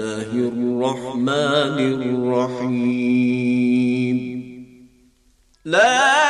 الله الرحمن الرحيم لا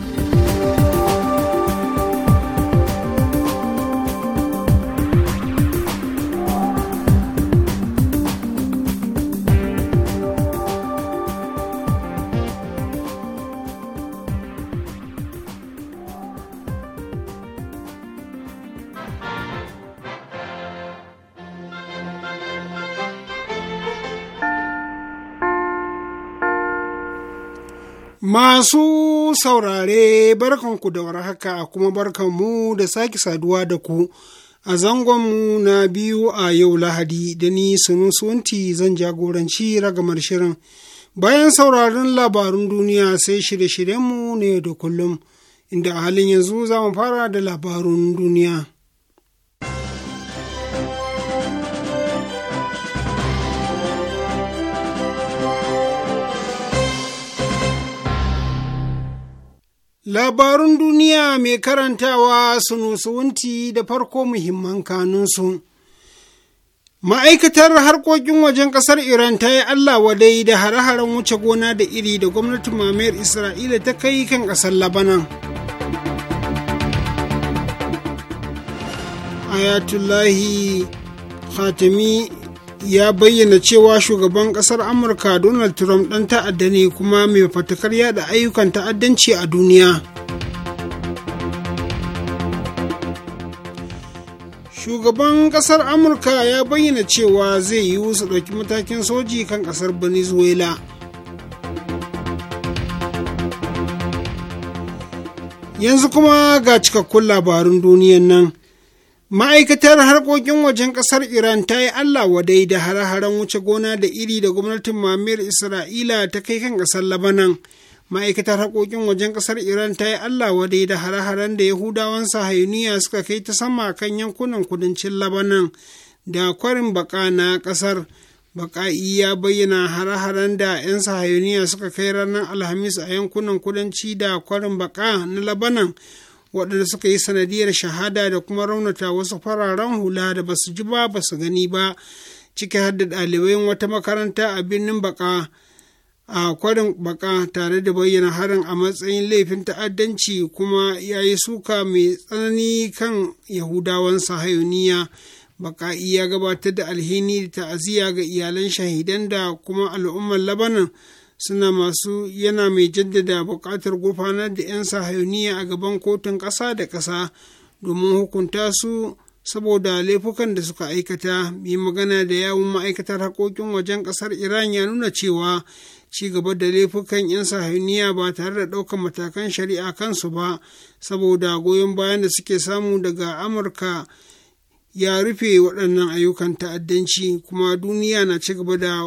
Masu saurare barkanku da warhaka kuma barkanmu da sake saduwa da ku a zangonmu na biyu a yau Lahadi da ni sunusunti zan jagoranci ragamar shirin. Bayan sauraron labarun duniya sai shirye-shiryenmu ne da kullum, inda a halin yanzu za mu fara da labarun duniya. Labarun duniya mai karantawa sunusuwunti da farko muhimman kanunsu. Ma'aikatar harkokin wajen ƙasar Iran ta yi Allah wadai da hare-haren wuce gona da iri da gwamnatin mamayar Isra'ila ta kai kan ƙasar Labanan. Ayatullahi Khatami ya bayyana cewa shugaban kasar amurka donald trump ɗan ta'adda ne kuma mai fatakar yada ayyukan ta'addanci a duniya shugaban kasar amurka ya bayyana cewa zai yi su ɗauki matakin soji kan kasar venezuela yanzu kuma ga cikakkun labarun duniyan nan Ma'aikatar harkokin wajen ƙasar Iran ta yi Allah wadai da hare wuce gona da iri da gwamnatin mamayar Isra'ila ta kai kan ƙasar Labanan. Ma'aikatar harkokin wajen ƙasar Iran ta yi Allah wadai da hare-haren da Yahudawan sahayuniya suka kai ta sama kan yankunan kudancin Labanan da kwarin baka na ƙasar. Baƙa'i ya bayyana hare-haren da 'yan sahayuniya suka kai ranar Alhamis a yankunan kudanci da kwarin baka na Labanan. waɗanda suka yi sanadiyar shahada da kuma raunata wasu fararen hula da basu ji ba basu gani ba ciki har da ɗalibai wata makaranta a birnin baka a kwarin baka tare da bayyana harin a matsayin laifin ta'addanci kuma ya yi suka mai tsanani kan yahudawan sahayoniya baka ya gabatar da alhini da ta'aziyya ga iyalan shahidan da kuma al'ummar labanan suna masu yana mai jaddada buƙatar gufanar da 'yan sahayuniya a gaban kotun ƙasa da ƙasa domin hukunta su saboda laifukan da suka aikata mai magana da yawun ma'aikatar haƙoƙin wajen ƙasar iran ya nuna cewa ci gaba da laifukan 'yan sahiniya ba tare da ɗaukar matakan shari'a kansu ba saboda goyon bayan da suke samu daga amurka ya rufe waɗannan ayyukan ta'addanci kuma duniya na ci gaba da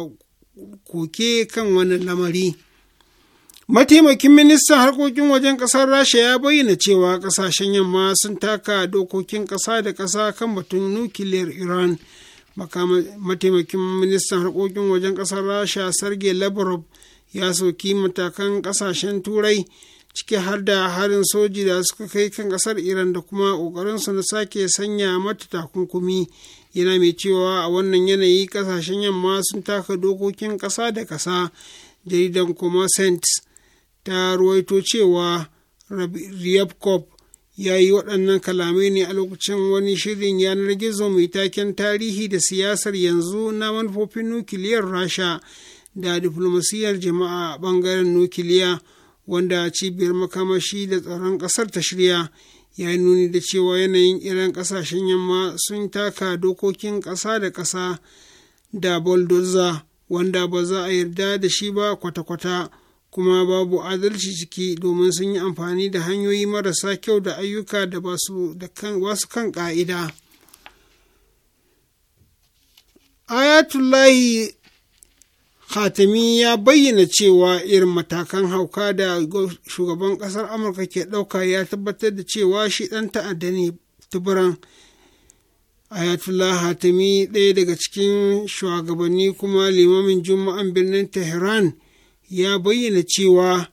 koke kan wani lamari mataimakin ministan harkokin wajen kasar rasha ya bayyana cewa kasashen yamma sun taka dokokin kasa da kasa kan batun nukiliyar iran mataimakin ministan harkokin wajen kasar rasha sergei lavrov ya soki matakan kasashen turai ciki har da harin soji da suka kai kan kasar iran da kuma ƙoƙarinsu na sake sanya mata takunkumi yana mai cewa a wannan yanayi kasashen yamma sun taka dokokin ƙasa da ƙasa jaridan kuma sent ta ruwaito cewa riyabkov ya yi waɗannan kalamai ne a lokacin wani shirin yanar gizo mai taken tarihi da siyasar yanzu na manufofin nukiliyar rasha da diflomasiyyar jama'a a ɓangaren nukiliya wanda cibiyar makamashi da tsaron ƙasar ta shirya ya yi nuni da cewa yanayin iran kasashen yamma sun taka dokokin ƙasa da ƙasa da bulldozer wanda ba za a yarda da shi ba kwata-kwata kuma babu adalci ciki domin sun yi amfani da hanyoyi marasa kyau da ayyuka da ba su kan ƙa'ida ayatullahi Khatami ya bayyana cewa irin matakan hauka da shugaban ƙasar Amurka ke ɗauka ya tabbatar da cewa shi ɗan ta'adda ne tuburan. Ayatollah Hatami ɗaya daga cikin shugabanni kuma limamin juma'an birnin Tehran ya bayyana cewa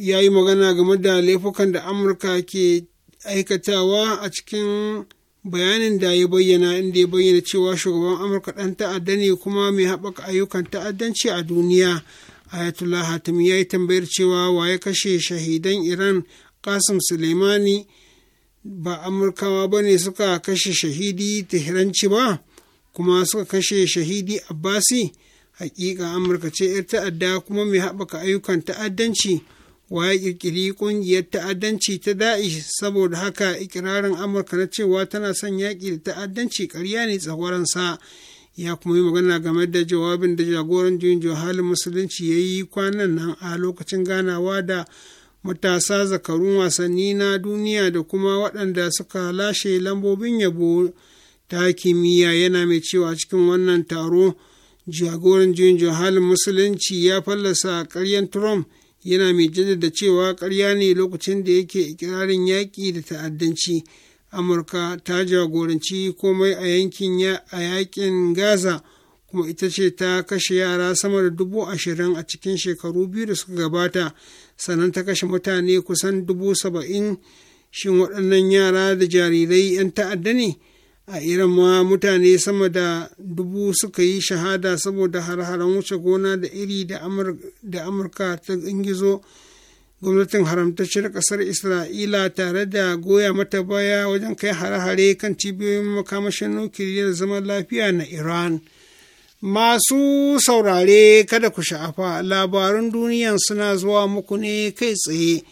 ya yi magana game da laifukan da Amurka ke aikatawa a cikin bayanin da ya bayyana inda ya bayyana cewa shugaban amurka ɗan ta'adda ne kuma mai haɓaka ayyukan ta'addanci a duniya ayatollah hatimi ya yi tambayar cewa wa ya kashe shahidan iran kasim suleimani ba amurkawa ba ne suka kashe shahidi tehranci ba kuma suka kashe shahidi abbasi hakika amurka ce 'yar ta'adda kuma mai haɓaka ayyukan ta'addanci waye ƙirƙiri ƙungiyar ta'addanci ta da'ish saboda haka ikirarin amurka na cewa tana son yaƙi da ta'addanci ƙarya ne sa ya kuma yi magana game da jawabin da jagoran juyin halin musulunci ya yi kwanan nan a lokacin ganawa da matasa zakarun wasanni na duniya da kuma waɗanda suka lashe lambobin yabo ta kimiyya yana mai cewa cikin wannan taro jagoran juyin halin musulunci ya fallasa ƙaryen trump yana mai jaddada cewa ƙarya ne lokacin da yake ikirarin yaƙi da ta'addanci amurka ta jagoranci komai a yankin a yaƙin gaza kuma ita ce ta kashe yara sama da dubu ashirin a cikin shekaru biyu da suka gabata sannan ta kashe mutane kusan dubu saba'in shin waɗannan yara da jarirai 'yan ta'adda ne a irin ma mutane sama da dubu suka yi shahada saboda har-haren wuce gona da iri da amurka ta ingizo gwamnatin haramtacciyar kasar isra'ila tare da goya mata baya wajen kai hare-hare kan cibiyoyin makamashin nukiliyar zaman lafiya na iran masu saurare kada ku sha'afa labarun duniyan suna zuwa muku ne kai tsaye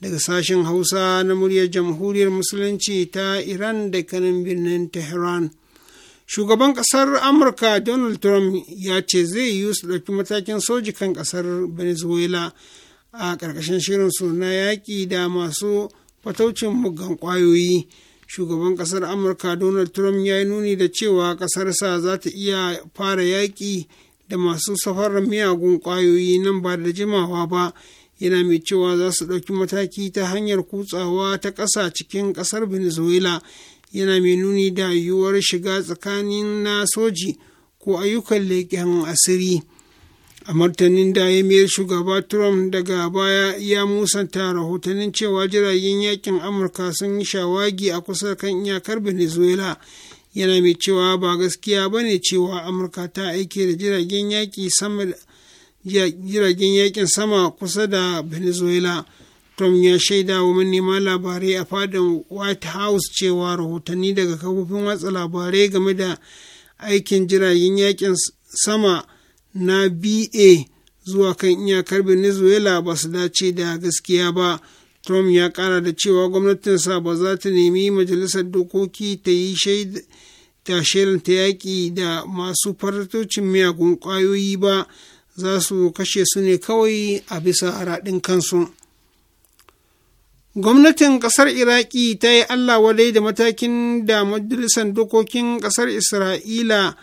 daga sashen hausa na muryar jamhuriyar musulunci ta iran da kanin birnin tehran shugaban kasar amurka donald trump ya ce zai yi su ɗauki matakin soji kan kasar venezuela a ƙarƙashin shirinsu na yaƙi da masu fataucin muggan ƙwayoyi shugaban kasar amurka donald trump ya yi nuni da cewa ƙasarsa za ta iya fara yaƙi da masu safarar miyagun ƙwayoyi nan ba da jimawa ba yana mai cewa za su ɗauki mataki ta hanyar kutsawa ta ƙasa cikin ƙasar venezuela yana mai nuni da yiwuwar shiga tsakanin na soji ko ayyukan leƙen asiri a martanin da ya mayar shugaba trump daga baya ya musanta rahotannin cewa jiragen yakin amurka sun yi shawagi a kusa kan iyakar venezuela yana mai cewa ba gaskiya ba ne cewa amurka ta aike da jiragen yaƙi sama jiragen yakin sama kusa da venezuela trump ya shaida wa manema labarai a fadin white house cewa rahotanni daga kafofin watsa labarai game da aikin jiragen yakin sama na ba zuwa kan iyakar venezuela ba su dace da gaskiya ba trump ya kara da cewa gwamnatinsa ba za ta nemi majalisar dokoki ta yi shaida ta yaƙi da masu faratocin miyagun ƙwayoyi ba za su kashe su ne kawai a bisa raɗin kansu gwamnatin ƙasar iraki ta yi allah wadai da matakin da majalisar dokokin ƙasar isra'ila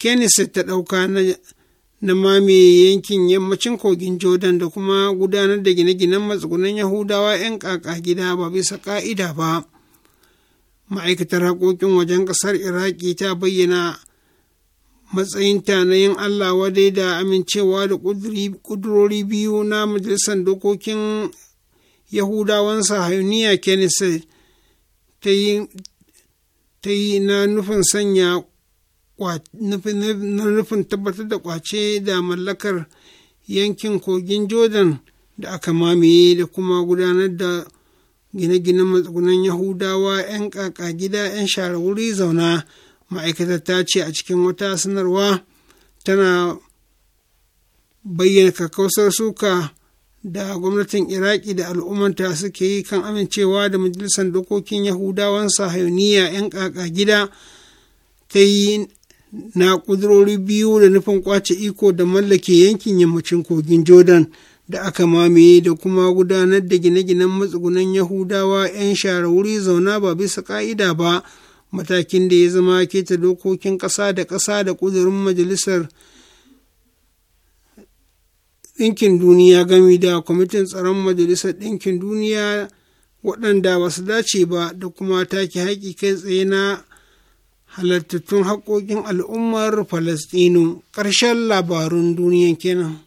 Kenis ta ɗauka na na mame yankin yammacin kogin jordan da kuma gudanar da gine-ginen matsugunan yahudawa 'yan kaka gida ba bisa ƙa'ida ba ma'aikatar haƙoƙin wajen ƙasar iraki ta bayyana matsayinta na yin Allah wadai da amincewa da ƙudurori biyu na majalisar dokokin Yahudawan sahayuniya Kenneth ta yi na nufin sanya na nufin tabbatar da kwace da mallakar yankin kogin Jordan da aka mamaye da kuma gudanar da gine-ginen matsugunan Yahudawa 'yan ƙaƙa gida 'yan share wuri zauna. ma'aikatar ta ce a cikin wata sanarwa tana bayyana kakkausar suka da gwamnatin iraki da al'ummanta suke yi kan amincewa da majalisar dokokin yahudawan sahayoniya 'yan ƙaƙa gida ta yi na ƙudurori biyu da nufin kwace iko da mallake yankin yammacin kogin jordan da aka mamaye da kuma gudanar da gine-ginen matsugunan yahudawa 'yan shara wuri zauna ba bisa ƙa'ida ba matakin da ya zama keta dokokin ƙasa da ƙasa da ƙudurin majalisar ɗinkin duniya gami da kwamitin tsaron majalisar ɗinkin duniya waɗanda ba su dace ba da kuma take haƙi kai tsaye na halartattun haƙoƙin al'ummar falastinu ƙarshen labarun duniyan kenan.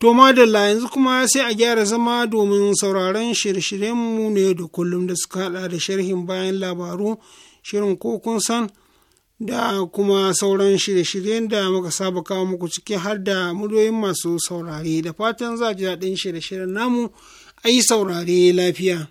To madalla yanzu kuma sai a gyara zama domin sauraron shirye-shiryenmu ne da kullum da suka hada da sharhin bayan labaru, shirin ko kun san da kuma sauran shirye-shiryen da muka saba kawo muku ciki har da muryoyin masu saurare da fatan za ji daɗin shirye-shiryen namu a yi saurare lafiya.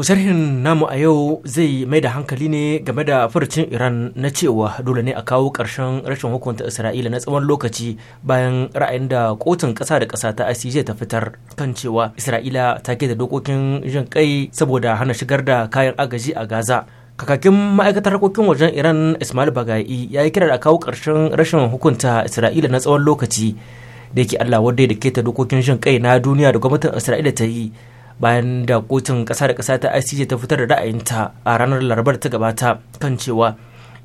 To sharhin namu a yau zai mai da hankali ne game da furucin Iran na cewa dole ne a kawo ƙarshen rashin hukunta Isra'ila na tsawon lokaci bayan ra'ayin da kotun ƙasa da ƙasa ta ICJ ta fitar kan cewa Isra'ila ta keta dokokin jin kai saboda hana shigar da kayan agaji a Gaza. Kakakin ma'aikatar harkokin wajen Iran Ismail Bagai ya yi kira da kawo ƙarshen rashin hukunta Isra'ila na tsawon lokaci da yake Allah wadda da keta dokokin jin kai na duniya da gwamnatin Isra'ila ta yi bayan da kotun ƙasa da kasa ta ICJ ta fitar da ra'ayinta a ranar larabar ta gabata kan cewa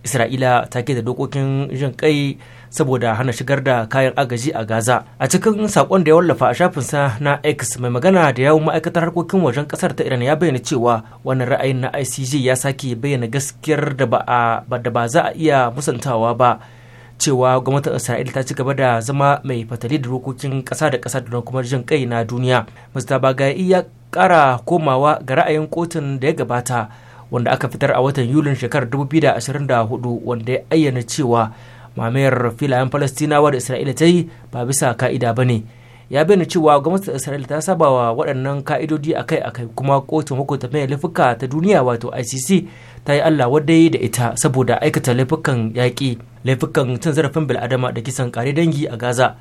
Isra'ila ta keta dokokin jin kai saboda hana shigar da kayan agaji a Gaza. A cikin sakon da ya wallafa a shafinsa na X mai magana da yawun ma'aikatar harkokin wajen kasar ta Iran ya bayyana cewa wannan ra'ayin na ICJ ya sake bayyana gaskiyar da ba za a iya musantawa ba cewa gwamnatin Isra'ila ta ci gaba da zama mai fatali da dokokin kasa da kasa da kuma jin kai na duniya. Mr. Bagayi ya kara komawa ga ra'ayin kotun da ya gabata wanda aka fitar a watan yulin shekarar 2024 wanda ya ayyana cewa mamayar filayen falastinawa da isra'ila ta yi ba bisa ka'ida ba ne ya bayyana cewa gwamnatin isra'ila ta saba wa waɗannan ka'idodi a akai akai kuma kotun hukunta mai laifuka ta duniya wato icc ta yi allah wadai da ita saboda aikata laifukan yaƙi laifukan cin zarafin bil'adama da kisan kare dangi a gaza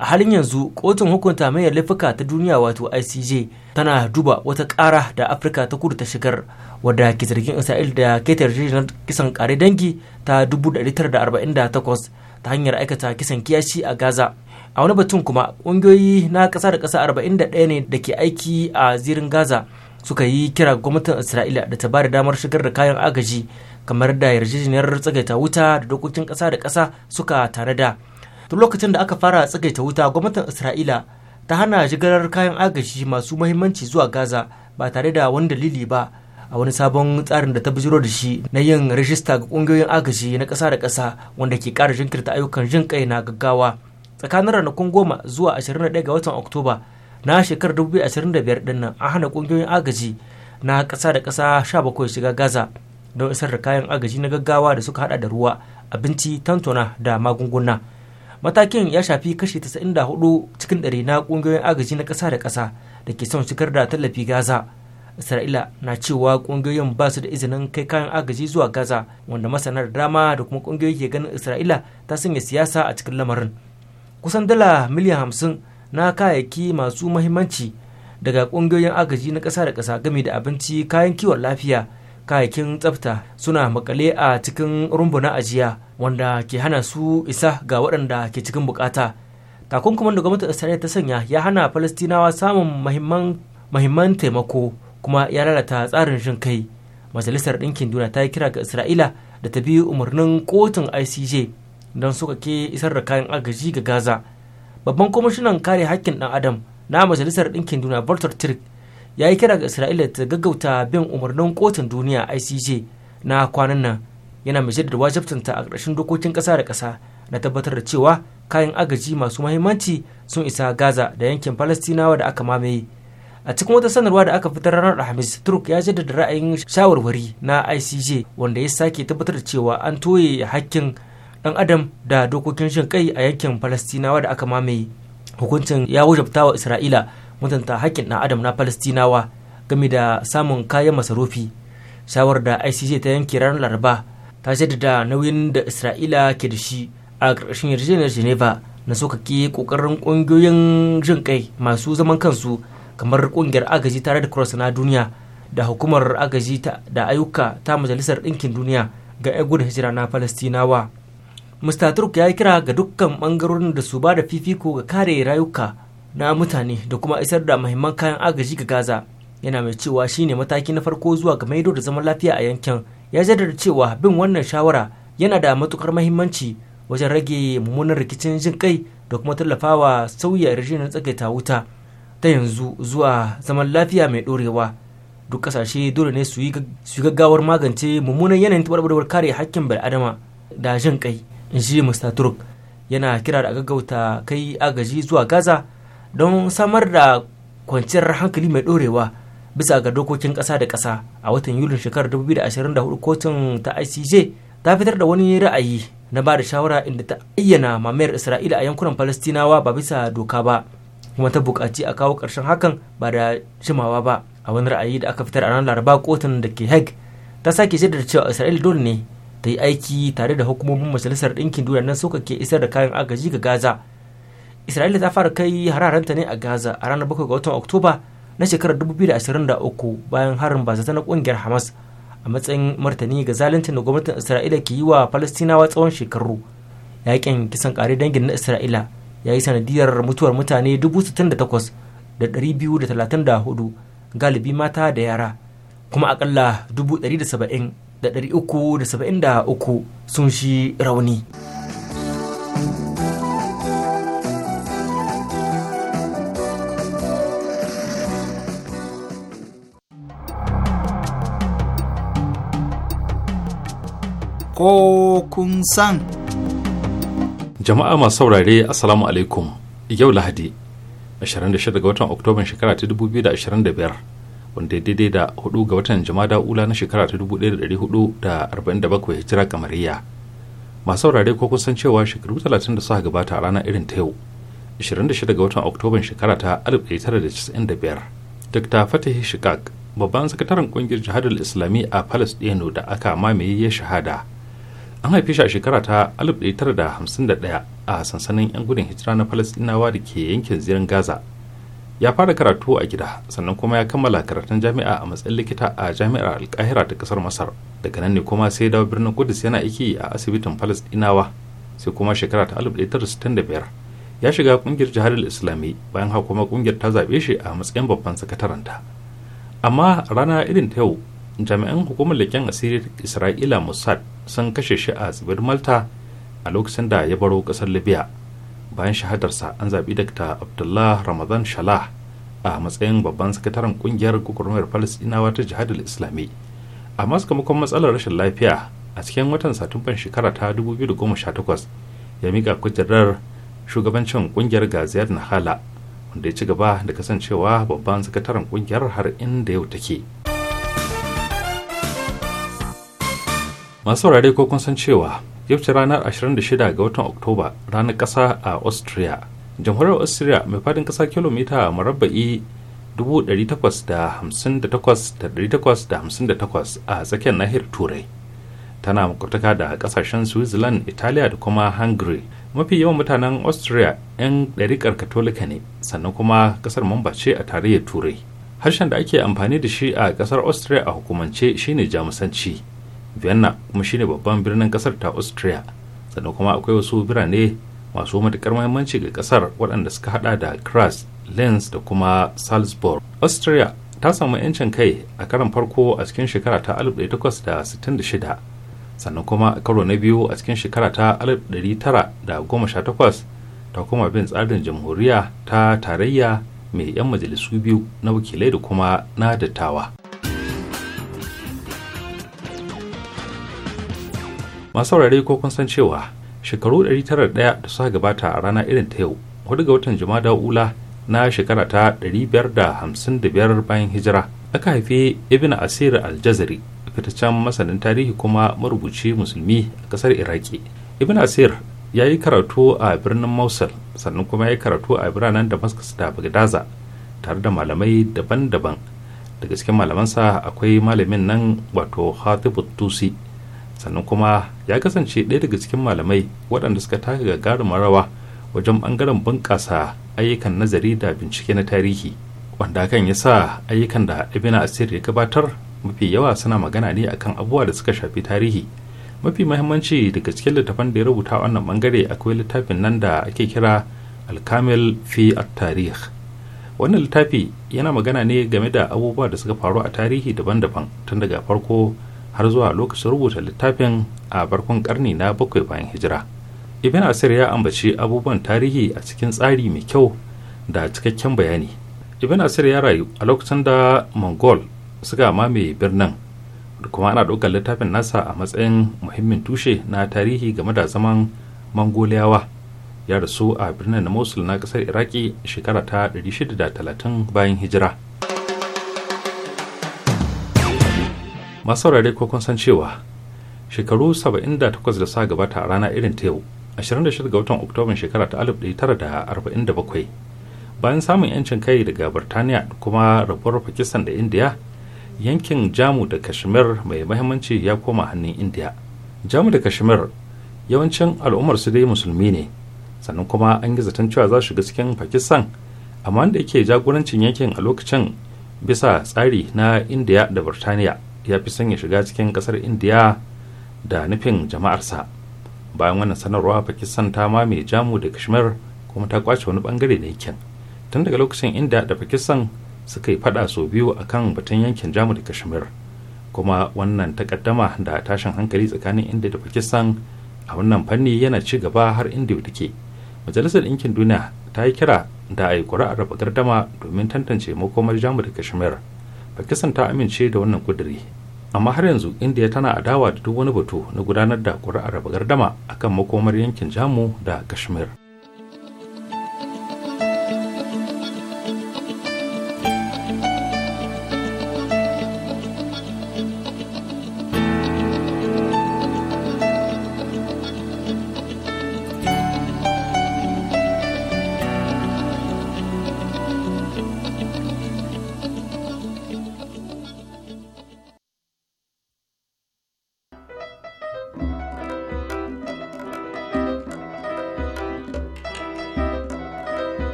a halin yanzu kotun hukunta mai laifuka ta duniya wato icj tana duba wata ƙara da afirka ta kudu ta shigar wadda ke zargin isra'il da keta yarjejeniyar kisan kare dangi ta 1948 ta hanyar aikata kisan kiyashi a gaza a wani batun kuma ƙungiyoyi na ƙasa da ƙasa 41 ne da ke aiki a zirin gaza suka yi kira gwamnatin isra'ila da ta ba da damar shigar da kayan agaji kamar da yarjejeniyar tsagaita wuta da dokokin ƙasa da ƙasa suka tare da tun lokacin da aka fara tsagaita wuta gwamnatin isra'ila ta hana jigilar kayan agaji masu mahimmanci zuwa gaza ba tare da wani dalili ba a wani sabon tsarin da ta bijiro da shi na yin rajista ga kungiyoyin agaji na ƙasa da ƙasa wanda ke ƙara jinkirta ayyukan jin kai na gaggawa tsakanin ranakun goma zuwa 21 ga watan oktoba na shekarar 2025 din a an hana kungiyoyin agaji na ƙasa da ƙasa 17 shiga gaza don isar da kayan agaji na gaggawa da suka hada da ruwa abinci tantona da magunguna matakin ya shafi kashi 94 cikin ɗari na ƙungiyoyin agaji na ƙasa da ƙasa da ke son shigar da tallafi gaza isra'ila na cewa ƙungiyoyin ba su da izinin kai kayan agaji zuwa gaza wanda masanar dama da kuma ƙungiyoyi ke ganin isra'ila ta sanya siyasa a cikin lamarin kusan dala miliyan hamsin na kayayyaki masu mahimmanci daga ƙungiyoyin agaji na ƙasa da ƙasa game da abinci kayan kiwon lafiya kayakin tsafta suna makale a cikin rumbu na ajiya wanda ke hana su isa ga waɗanda ke cikin bukata takunkuman da gwamnatin isra'ila ta sanya ya hana falastinawa samun mahimman taimako kuma ya lalata tsarin jin kai majalisar ɗinkin duniya ta yi kira ga isra'ila da ta biyu umarnin kotun icj don suka ke isar da kayan agaji ga gaza babban kwamishinan kare haƙƙin ɗan adam na majalisar ɗinkin duniya volter turk ya yi kira ga isra'ila ta gaggauta bin umarnin kotun duniya icj na kwanan nan yana mai jaddada wajabtanta a ƙarshen dokokin ƙasa da ƙasa na tabbatar da cewa kayan agaji masu mahimmanci sun isa gaza da yankin falastinawa da aka mamaye a cikin wata sanarwa da aka fitar ranar alhamis turk ya jaddada ra'ayin shawarwari na icj wanda ya sake tabbatar da cewa an toye hakkin ɗan adam da dokokin shin kai a yankin falastinawa da aka mamaye hukuncin ya wajabta wa isra'ila mutunta haƙƙin ɗan adam na falastinawa game da samun kayan masarufi shawar da icc ta yanke ranar laraba ta jaddada nauyin da isra'ila ke da shi a ƙarƙashin yarjejeniyar geneva na sokake ƙoƙarin ƙungiyoyin jin kai masu zaman kansu kamar ƙungiyar agaji tare da cross na duniya da hukumar agaji da ayyuka ta majalisar ɗinkin duniya ga Ego da hijira na falastinawa Mr. Turk ya yi kira ga dukkan ɓangarorin da su ba da fifiko ga kare rayuka na mutane da kuma isar da mahimman kayan agaji ga gaza yana mai cewa shine mataki na farko zuwa ga maido da zaman lafiya a yankin ya jaddada cewa bin wannan shawara yana da matukar mahimmanci wajen rage mummunan rikicin jin kai da kuma tallafawa sauya na tsagaita wuta ta yanzu zuwa zaman lafiya mai dorewa duk kasashe dole ne su yi gaggawar magance mummunan yanayin tabarbarwar kare hakkin bil'adama da jin kai in ji mr turk yana kira da gaggauta kai agaji zuwa gaza don samar da kwanciyar hankali mai ɗorewa bisa ga dokokin ƙasa da ƙasa a watan yulin shekarar 2024 kotun ta icj ta fitar da wani ra'ayi na ba da shawara inda ta ayyana mamayar isra'ila a yankunan falastinawa ba bisa doka ba kuma ta buƙaci a kawo ƙarshen hakan ba da jimawa ba a wani ra'ayi da aka fitar a ranar laraba kotun da ke hague ta sake da cewa Isra'il dole ne ta yi aiki tare da hukumomin majalisar ɗinkin duniya nan suka ke isar da kayan agaji ga gaza isra'ila ta fara kai hararanta ne a gaza a ranar 7 ga watan oktoba na shekarar 2023 bayan harin ba na kungiyar hamas a matsayin martani ga zalunci da gwamnatin isra'ila ke yi wa falastinawa tsawon shekaru yaƙin kisan kare dangin na isra'ila ya yi sanadiyar mutuwar mutane 68,234 galibi mata da yara kuma akalla da 373 sun shi rauni. ko kun san. Jama'a masu saurare Assalamu alaikum yau Lahadi 26 ga watan Oktoban shekara ta 2025 wanda ya daidai da 4 ga watan Jama'a ula na shekara ta 1447 hijira kamariya. Masu saurare ko kun san cewa shekaru 30 da suka gabata a ranar irin ta yau 26 ga watan Oktoban shekara ta 1995 Dr. Fatih Shikak babban sakataren kungiyar jihadar islami a palestino da aka mamaye ya shahada an haife shi a shekara ta 1951 a sansanin 'yan gudun hijira na falasdinawa da ke yankin zirin gaza ya fara karatu a gida sannan kuma ya kammala karatun jami'a a matsayin likita a jami'ar alkahira ta kasar masar daga nan ne kuma sai dawo birnin kudus yana aiki a asibitin falasdinawa sai kuma shekara ta 1965 ya shiga kungiyar jihar islami bayan haka kuma kungiyar ta zaɓe shi a matsayin babban sakataranta amma rana irin ta yau jami'an hukumar leken asirin isra'ila mossad sun kashe shi a tsibirin malta a lokacin da ya baro ƙasar libya bayan shahadarsa an zaɓi dr abdullah ramadan shalah a matsayin babban sakataren ƙungiyar gwagwarmayar falasɗinawa ta jihadar islami amma sakamakon matsalar rashin lafiya a cikin watan satumban shekara ta 2018 ya mika kujerar shugabancin kungiyar gaziyar nahala wanda ya ci gaba da kasancewa babban sakataren ƙungiyar har inda yau take masu saurare ko kun san cewa yabce ranar 26 ga watan oktoba ranar ƙasa a austria jamhuriyar austria mai fadin ƙasa kilomita marabba'i 858,858 a tsakiyar nahiyar turai tana makwabtaka da kasashen switzerland italiya da kuma hungary mafi yawan mutanen austria 'yan ɗarikar katolika ne sannan kuma ƙasar mamba ce a tarayyar turai harshen da ake amfani da shi a kasar austria a hukumance shine jamusanci vienna kuma shine babban birnin kasar ta austria sannan kuma akwai wasu birane masu matukar mahimmanci ga kasar waɗanda suka hada da kras lens da kuma salzburg austria ta samu 'yancin kai a karan farko a cikin shekara ta 1866 sannan kuma a karo na biyu a cikin shekara ta 1918 ta kuma bin tsarin jamhuriya ta tarayya mai 'yan majalisu biyu na wakilai da kuma na dattawa. masu saurare ko kun san cewa shekaru 901 da suka gabata a rana irin ta yau hudu ga watan jumada ula na shekara ta 555 bayan hijira aka haifi ibn asir aljazari fitaccen masanin tarihi kuma marubuci musulmi a kasar iraki ibn asir ya yi karatu a birnin mosul sannan kuma ya yi karatu a biranen damascus da bagdaza tare da malamai daban-daban daga cikin malamansa akwai malamin nan wato hatibu tusi sannan kuma ya kasance ɗaya daga cikin malamai waɗanda suka taka gagarumin rawa wajen ɓangaren bunƙasa ayyukan nazari da bincike na tarihi wanda hakan ya sa ayyukan da na asir ya gabatar mafi yawa suna magana ne akan abubuwa da suka shafi tarihi mafi mahimmanci daga cikin littafan da ya rubuta wannan bangare akwai littafin nan da ake kira alkamil fi tarihi. wannan littafi yana magana ne game da abubuwa da suka faru a tarihi daban-daban tun daga farko har zuwa lokacin rubuta littafin a farkon karni na bakwai bayan hijira ibn asir ya ambaci abubuwan tarihi a cikin tsari mai kyau da cikakken bayani ibn asir ya rayu a lokacin da mongol suka mamaye birnin kuma ana ɗaukar littafin nasa a matsayin muhimmin tushe na tarihi game da zaman mongoliyawa ya rasu a birnin mosul na ƙasar iraki shekara ta 630 bayan hijira masu saurare ko kun san cewa shekaru 78 da sa gabata a rana irin ta yau 26 ga watan oktoban shekara ta 1947 bayan samun yancin kai daga birtaniya kuma rabuwar pakistan da indiya yankin jamu da kashmir mai mahimmanci ya koma hannun indiya jamu da kashmir yawancin al'ummar su dai musulmi ne sannan kuma an yi zaton cewa za shiga cikin pakistan amma da yake jagorancin yankin a lokacin bisa tsari na indiya da birtaniya ya fi sanya shiga cikin kasar indiya da nufin jama'arsa bayan wannan sanarwa pakistan ta mai jamu da kashmir kuma ta kwace wani bangare na yankin tun daga lokacin inda da pakistan suka yi fada sau biyu a kan batun yankin jamu da kashmir kuma wannan takaddama da tashin hankali tsakanin inda da pakistan a wannan fanni yana ci gaba har inda take majalisar yankin duniya ta yi kira da a yi ƙuri'ar raba gardama domin tantance makomar jamu da kashmir pakistan ta amince da wannan kuduri amma har yanzu indiya tana adawa da duk wani batu na gudanar da ƙuri'ar raba gardama akan makomar yankin jamu da kashmir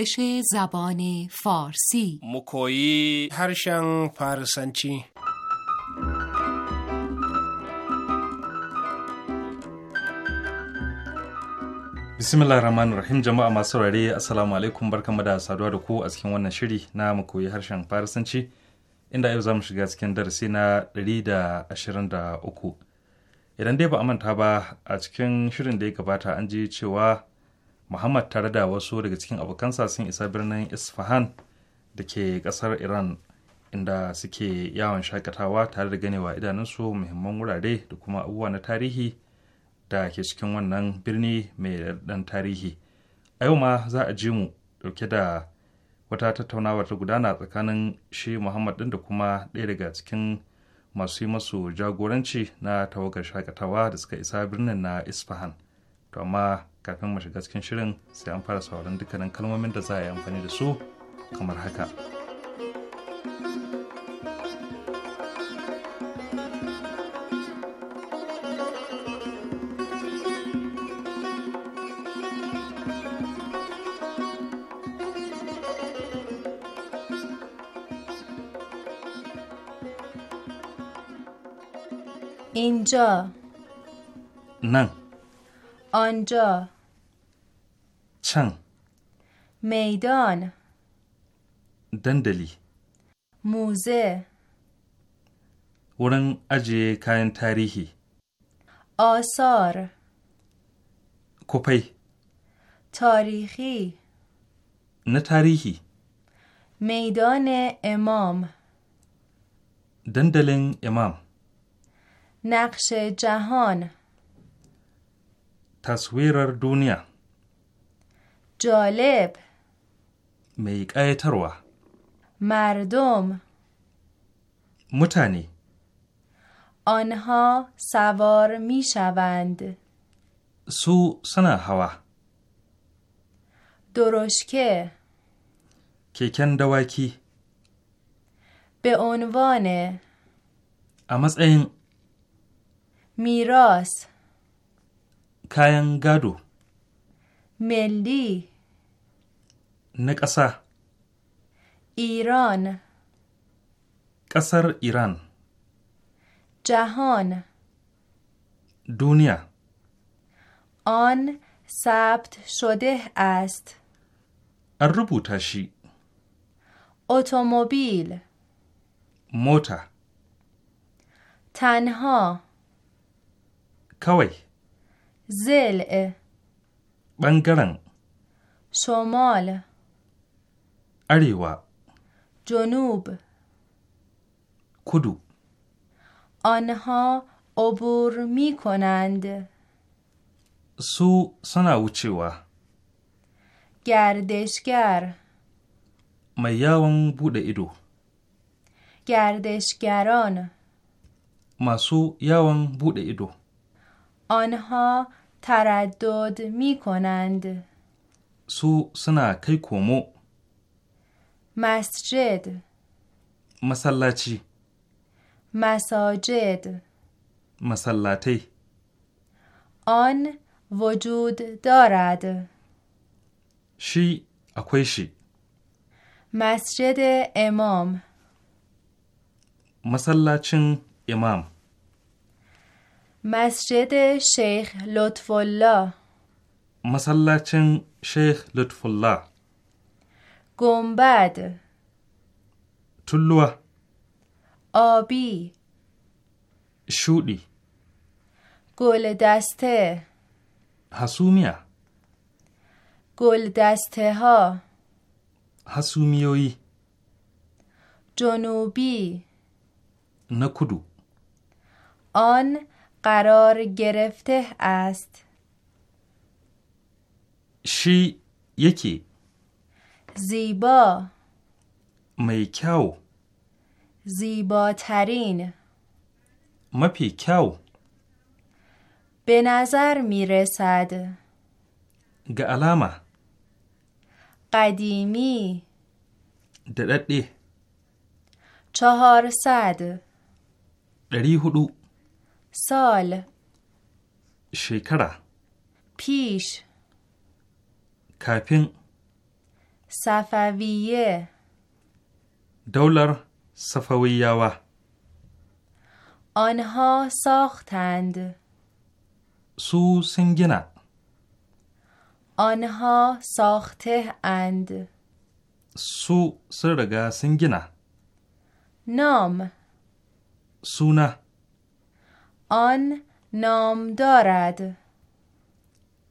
آموزش زبان فارسی مکویی هرشن فارسنچی bismillah rahman rahim jama'a masu saurare assalamu alaikum barkamu da saduwa da ku a cikin wannan shiri na mu koyi harshen farisanci inda yau za mu shiga cikin darasi na ɗari da da ashirin uku idan dai ba a manta ba a cikin shirin da ya gabata an ji cewa muhammad tare da wasu daga cikin abokansa sun isa birnin isfahan da ke kasar iran inda suke yawon shakatawa tare da ganewa idanunsu muhimman wurare da kuma abubuwa na tarihi da ke cikin wannan birni mai dan tarihi a yau ma za a ji mu dauke da wata tattaunawar ta gudana tsakanin shi muhammad din da kuma ɗaya daga cikin masu yi masu jagoranci na tawagar shakatawa da suka isa birnin na isfahan to amma kafin mu shiga cikin shirin sai an fara sauran dukkanin kalmomin da za a yi amfani da su kamar haka. اینجا نه آنجا چنگ میدان دندلی موزه ورن اجی کاین تاریخی آثار کپی تاریخی نه تاریخی میدان امام دندلن امام نقش جهان تصویر دنیا جالب می مردم متنی آنها سوار می سو سنا هوا درشکه کیکن دواکی به عنوان امس این میراث کاین ملی نکسا ایران کسر ایران جهان دنیا آن ثبت شده است روبوتشی اتومبیل موتا تنها کوی زل بنگرن شمال اریوا جنوب کدو آنها عبور می کنند سو سنا وچیوا گردشگر mai yawon bude ido. Gardeshgaron Masu yawon bude ido. Onha تردد می کنند سو سنا کی کومو مسجد مسلاچی مساجد مسلاتی آن وجود دارد شی اکویشی مسجد امام مسلاچین امام مسجد شیخ لطف الله مسلچن شیخ لطف الله گنبد تلوه آبی شودی گل دسته حسومیا گل دسته ها حسومیوی جنوبی نکدو آن قرار گرفته است شی یکی زیبا میکو زیباترین مپیکو به نظر میرسد گالاما قدیمی دردی چهارصد دری هدو سال شکره پیش کپین صفویه دولر صفویه آنها ساختند سو سنگینه آنها ساخته اند سو سرگا سنگینه نام سونه آن نام دارد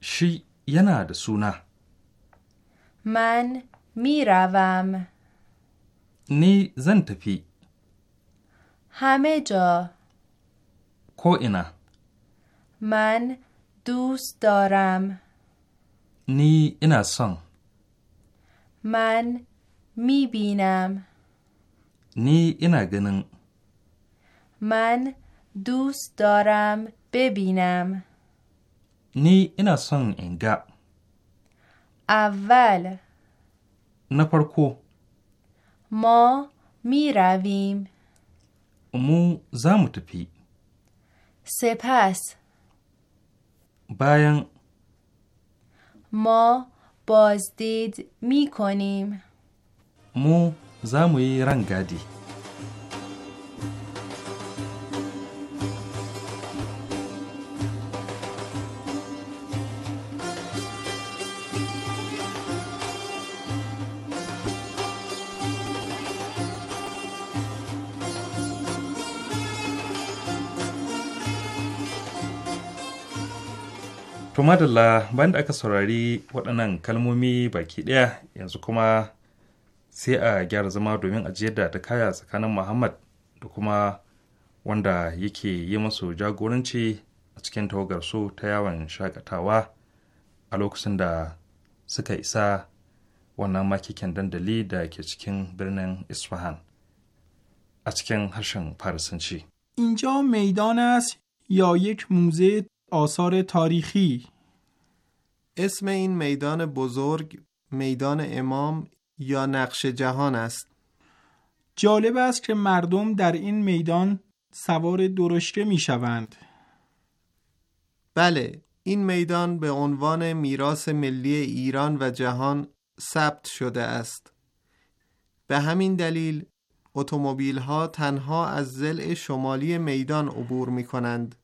شی ینا سونا من روم. نی زن تفی همه جا کو اینا من دوست دارم نی اینا سان من می بینم نی اینا گنن من دوست دارم ببینم نی اینا سن اینگه اول نپرکو ما می رویم مو زمو تپی سپس باین ما بازدید می کنیم مو زموی رنگادی To madalla bayan da aka saurari waɗannan kalmomi baki ɗaya yanzu kuma sai a gyara zama domin ajiyar da ta kaya tsakanin Muhammad da kuma wanda yake yi masu jagoranci a cikin tawagar su ta yawon shakatawa a lokacin da suka isa wannan makikin dandali da ke cikin birnin Isfahan a cikin harshen Farisanci. اینجا میدان است یا یک موزه آثار تاریخی اسم این میدان بزرگ میدان امام یا نقش جهان است جالب است که مردم در این میدان سوار درشکه می شوند بله این میدان به عنوان میراث ملی ایران و جهان ثبت شده است به همین دلیل اتومبیل ها تنها از زل شمالی میدان عبور می کنند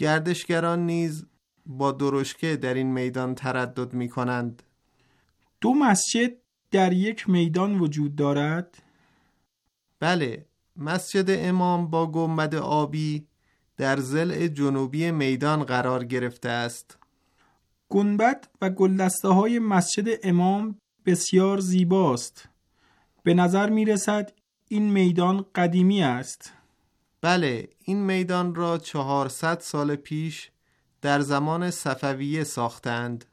گردشگران نیز با درشکه در این میدان تردد می کنند دو مسجد در یک میدان وجود دارد؟ بله مسجد امام با گنبد آبی در زل جنوبی میدان قرار گرفته است گنبد و گلدسته های مسجد امام بسیار زیباست به نظر می رسد این میدان قدیمی است بله این میدان را 400 سال پیش در زمان صفویه ساختند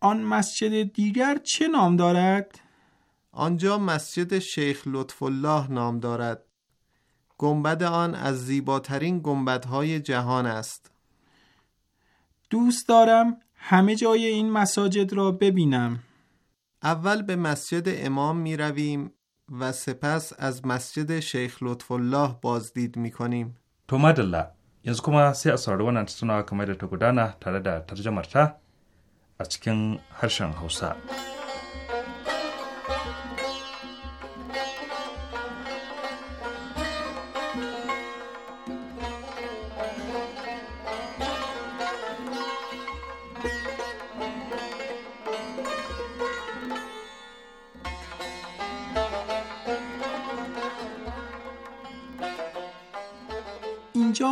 آن مسجد دیگر چه نام دارد؟ آنجا مسجد شیخ لطف الله نام دارد گنبد آن از زیباترین گنبدهای جهان است دوست دارم همه جای این مساجد را ببینم اول به مسجد امام می رویم و سپس از مسجد شیخ لطف الله بازدید می یعنی کنیم. تو مدلله یز کما سی اصارو ننسونا کمیده تو گدانه تاره در ترجمه تا از چکن هرشان حوصه موسیقی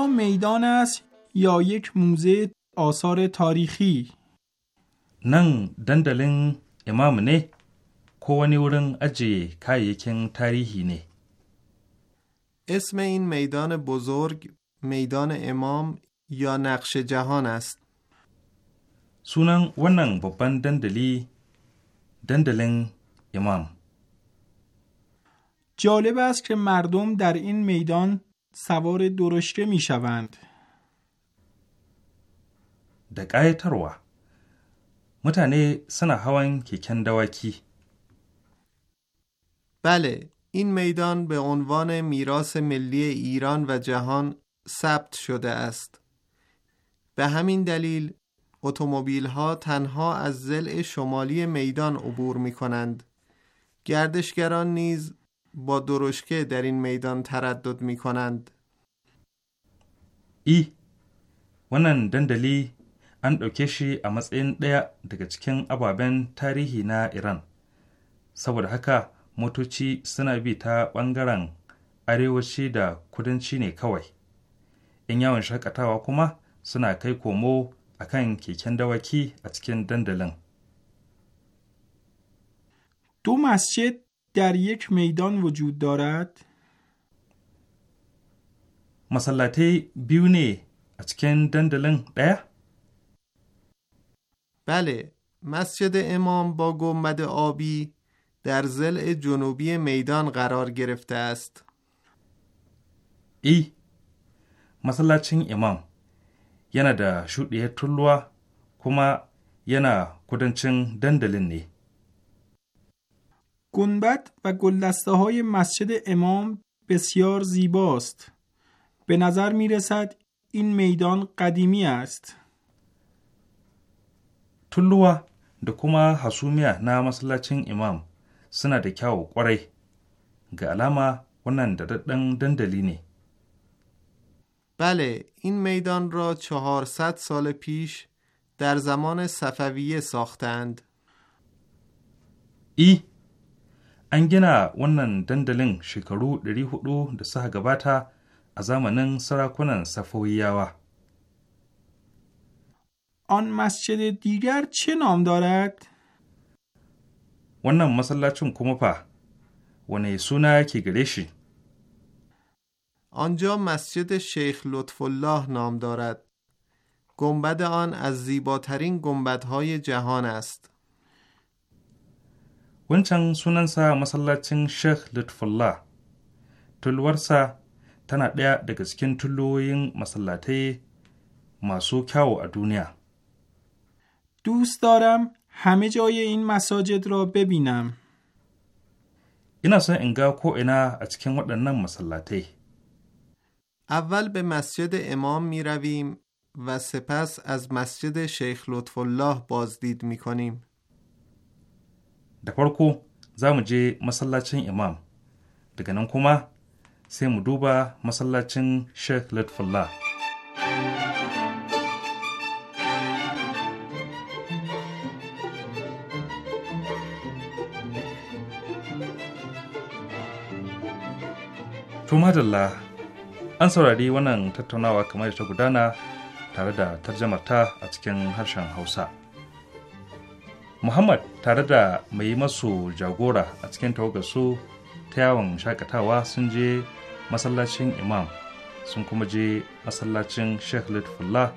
میدان است یا یک موزه آثار تاریخی نن دندلن امام نه کوانی ورن اجی کایکن تاریخی نه اسم این میدان بزرگ میدان امام یا نقش جهان است سونن ونن ببن دندلی دندلن امام جالب است که مردم در این میدان سوار درشکه می شوند. دقای سن بله این میدان به عنوان میراث ملی ایران و جهان ثبت شده است به همین دلیل اتومبیل ها تنها از زل شمالی میدان عبور می کنند گردشگران نیز با درشکه در این میدان تردد می کنند. ای wannan dandali an ɗauke shi a matsayin ɗaya daga cikin ababen tarihi na Iran. Saboda haka motoci suna bi ta ɓangaren arewaci da kudanci ne kawai. In yawon shakatawa kuma suna kai komo a kan keken dawaki a cikin dandalin. Thomas ce در یک میدان وجود دارد؟ مسلطه بیونه از دندلن بله مسجد امام با گمد آبی در زل جنوبی میدان قرار گرفته است ای مسلطه امام یعنی در شود یه طلوه کما یعنی کدنچن دندلن نه گنبت و گلدسته های مسجد امام بسیار زیباست. به نظر می رسد این میدان قدیمی است. تلوه دکومه حسومیه hasumiya na masallacin امام suna da kyawu kwarai ga alama دندلی بله این میدان را 400 سال پیش در زمان صفویه ساختند. ای An gina wannan dandalin shekaru 400 da suka gabata a zamanin sarakunan Safawiyawa. آن مسجد دیگر چه نام دارد؟ wannan masallacin kuma fa wane suna yake gare shi آنجا مسجد شیخ لطف الله نام دارد گنبد آن از زیباترین گنبدهای جهان است wancan sunansa masallacin شخ lutfullah tulwarsa tana ɗaya daga cikin tulloyin دوست دارم همه جای این مساجد را ببینم. اینا سن انگا کو اینا از اول به مسجد امام می رویم و سپس از مسجد شیخ لطف الله بازدید می کنیم. da farko za mu je masallacin imam daga nan kuma sai mu duba masallacin sheikh lutfullah Tumadalla an saurari wannan tattaunawa kamar da ta gudana tare da tarjamarta a cikin harshen Hausa. muhammad tare da mai masu jagora a cikin tawagarsu ta yawon shakatawa sun je masallacin imam sun kuma je masallacin sheikh lutfullah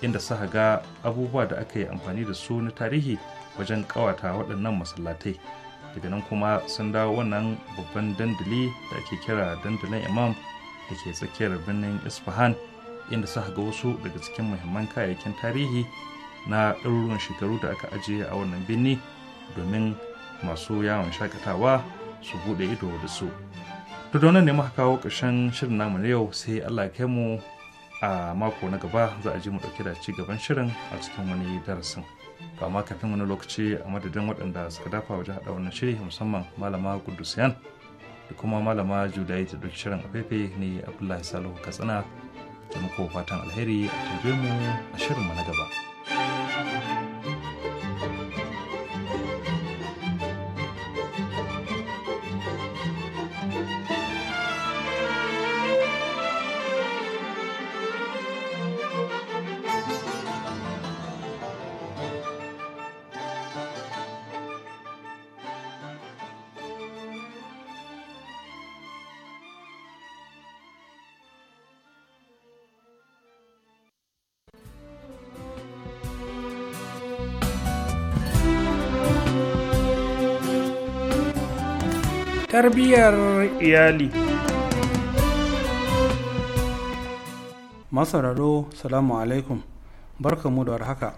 inda suka ga abubuwa da aka yi amfani da su na tarihi wajen kawata waɗannan masallatai daga nan kuma sun dawo wannan babban dandali da ake kira dandalin imam da ke tsakiyar birnin isfahan inda suka ga wasu daga cikin muhimman kayayyakin tarihi na ɗaruruwan shekaru da aka ajiye a wannan birni domin masu yawon shakatawa su buɗe ido da su to da wannan ne muka kawo ƙarshen shirin namu na yau sai allah kai mu a mako na gaba za a ji mu ɗauki da ci gaban shirin a cikin wani darasin to amma kafin wani lokaci a madadin waɗanda suka dafa wajen haɗa wannan shiri musamman malama Gudusiyan da kuma malama judayi ta duk shirin a fefe ne abdullahi salihu katsina da muku fatan alheri a tarbe mu a shirin mu na gaba. thank you tarbiyyar iyali masararo salamu alaikum barkanmu da warhaka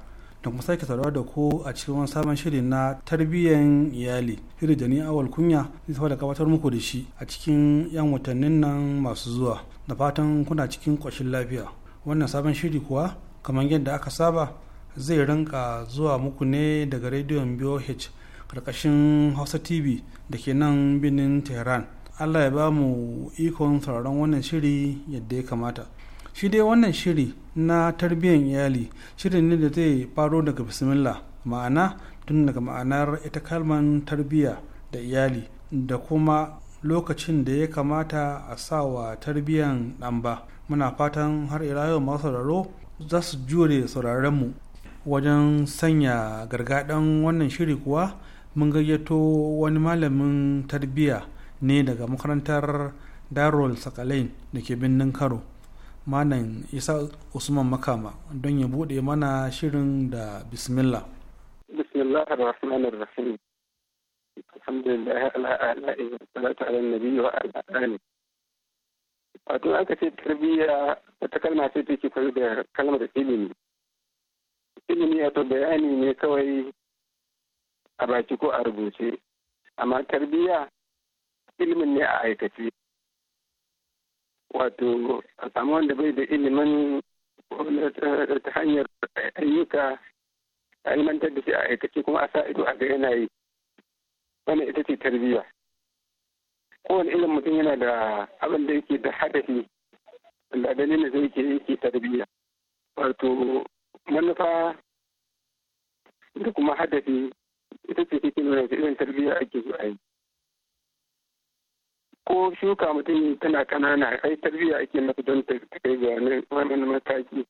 da kuma sake saurawa da ku a cikin wani sabon shiri na tarbiyyar iyali shiri da ni awal kunya zai saba da gabatar muku da shi a cikin yan watannin nan masu zuwa da fatan kuna cikin ƙoshin lafiya wannan sabon shiri kuwa kamar yadda aka saba zai rinka zuwa muku ne daga rediyon BOH karkashin hausa tv da ke nan birnin tehran allah ya ba mu ikon sauraron wannan shiri yadda ya kamata shi dai wannan shiri na tarbiyyar iyali shirin ne da zai faro daga bismillah ma'ana tun daga ma'anar ita kalman tarbiyya da iyali da kuma lokacin da ya kamata a sa wa tarbiyyar ɗan ba muna fatan har ila yau masu sauraro za su jure sauraronmu wajen sanya gargaɗin wannan shiri kuwa mun gayyato wani malamin tarbiyya ne daga makarantar darul sakalain da ke birnin karo manan isa usman makama don ya bude mana shirin da bismillah bismillah ar-rahman ar-rahim alhamdulillah ala salatu ala nabi wa ala ali wato aka ce tarbiyya ta kalma take da kalmar ilimi ilimi bayani ne kawai a baki ko a rubuce amma tarbiyya ilimin ne a aikace wato a samu wanda bai da ilimin ta hanyar ayyuka a ilimantar da shi a aikace kuma a sa ido a ga yana yi wannan ita ce tarbiyya kowane ilimin mutum yana da abin da yake da hadafi da dalilin da yake yake tarbiyya wato manufa da kuma hadafi ita ce take nuna ta irin tarbiyya ake so a yi ko shuka mutum tana kanana ai tarbiyya ake masa don ta kai ga wani mataki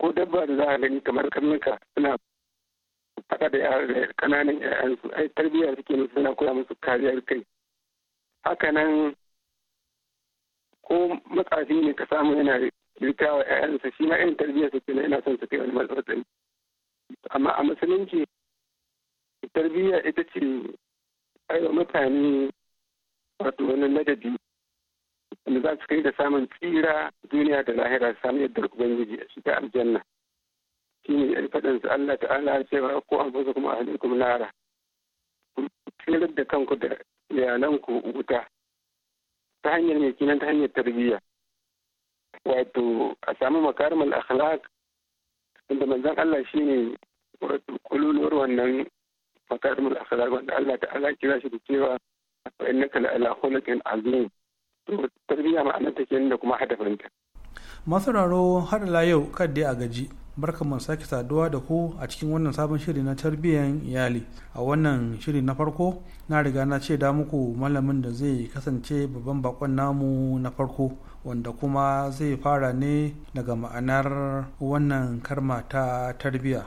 ko dabba da za a gani kamar karnuka suna faɗa da kananan yayansu ai tarbiyya suke musu suna koya musu kariyar kai haka nan ko matsafi ne ka samu yana rikawa wa yayansa shi ma irin tarbiyya suke na yana son su kai wani matsatsai amma a musulunci tarbiyya ita ce aiwa mutane wato wani madadi wanda za su kai da samun tsira duniya da lahira su samu yadda ubangiji a shiga aljanna shi ne faɗin su Allah ta'ala cewa ko an fasa kuma kuma nara tsirar da kanku da iyalanku wuta ta hanyar mai kinan ta hanyar tarbiyya wato a samu makarimar akhlaq inda manzan Allah shi ne wato kululuwar wannan a akhlaq wanda Allah ta'ala kira shi da cewa fa innaka la ala khuluqin azim to tarbiyya ma'anar take da kuma hadafinta masararo har la yau kad dai a gaji barka mu sake saduwa da ku a cikin wannan sabon shiri na tarbiyyar iyali a wannan shiri na farko na riga na ce da muku malamin da zai kasance babban bakon namu na farko wanda kuma zai fara ne daga ma'anar wannan karma ta tarbiyya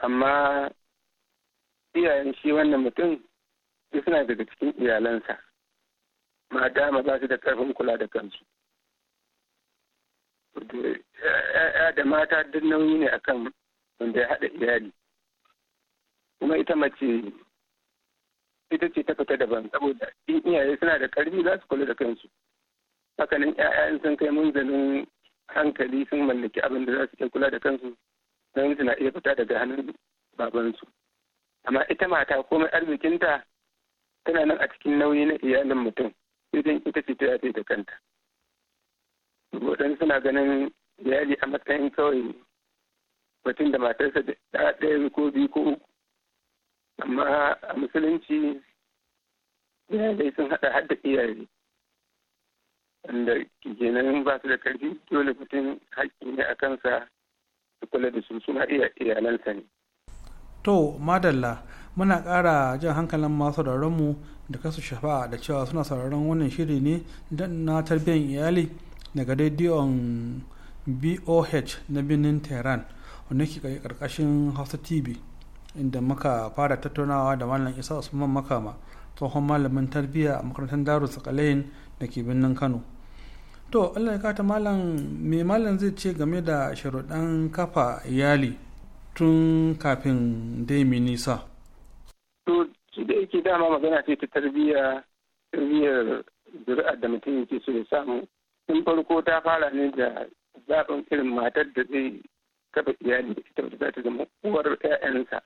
amma iyayen shi wannan mutum suna daga cikin iyalansa ma dama ba su da karfin kula da kansu ya da mata duk nauyi ne akan wanda ya haɗa iyali kuma ita mace ita ce ta fita daban saboda in iyaye suna da karfi za su kula da kansu hakanan 'ya'yan sun kai munzalin hankali sun mallaki abin da za su kula da kansu namiji na iya fita daga hannun babansu amma ita mata komai arzikinta tana nan a cikin nauyi na iyalin mutum idan ita ce ta da kanta waɗansu suna ganin iyali a matsayin kawai mutum da matarsa da ɗaya ko biyu ko uku amma a musulunci iyalai sun haɗa har iyali iyaye wanda kenan ba su da karfi dole mutum hakki ne a kansa kula da su suna iya iyalansa ne. To, madalla, muna ƙara jan hankalin masu mu da kasu shafa da cewa suna sauraron wannan shiri ne na tarbiyyar iyali daga rediyon BOH na birnin Tehran wanda ke ƙarƙashin Hausa TV inda muka fara tattaunawa da Malam Isa Usman Makama tsohon malamin tarbiyya a makarantar Darus da ke birnin Kano. to allah ya kata malam me malam zai ce game da sharuɗan kafa iyali tun kafin dai mi nisa to da yake dama magana ce ta tarbiyya tarbiyyar zuri'ar da mutum yake so ya samu in farko ta fara ne da zaɓin irin matar da zai kafa iyali da ita za ta zama uwar 'ya'yansa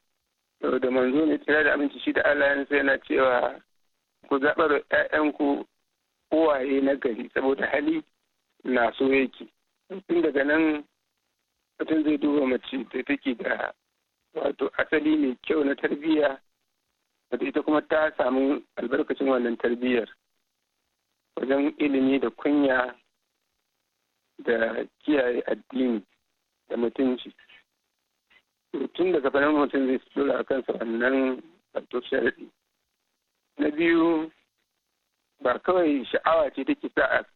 da manzo ne tare da abinci shi da Allah yansa yana cewa ku zaɓar 'ya'yanku uwaye na gari saboda hali na so yake tun daga nan mutum zai duba mace da take da wato asali mai kyau na tarbiyya wato ita kuma ta samu albarkacin wannan tarbiyyar wajen ilimi da kunya da kiyaye addini da mutunci tun daga fanar mutum zai su dora kansa wannan wato sharaɗi na biyu ba kawai sha'awa ce take sa a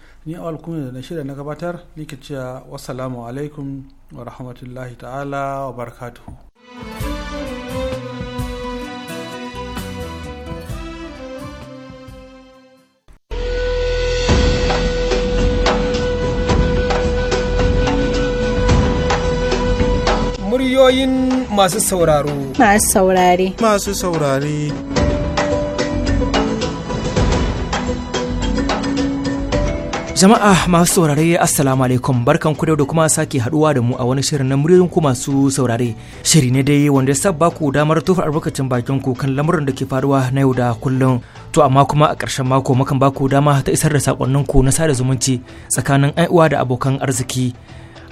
ni awal kuma da na shirya na gabatar nike cewa wassalamu alaikum wa rahmatullahi ta'ala wa barakatuhu muryoyin masu sauraro masu saurare masu saurare Jama'a masu saurare Assalamu alaikum barkan ku da kuma sake haduwa da mu a wani shirin na muryoyin ku masu saurare. Shiri ne dai wanda ya ba ku damar tofa albarkacin bakin ku kan lamurin da ke faruwa na yau da kullum. To amma kuma a ƙarshen mako mukan ba ku dama ta isar da sakonnin ku na sada zumunci tsakanin ai uwa da abokan arziki.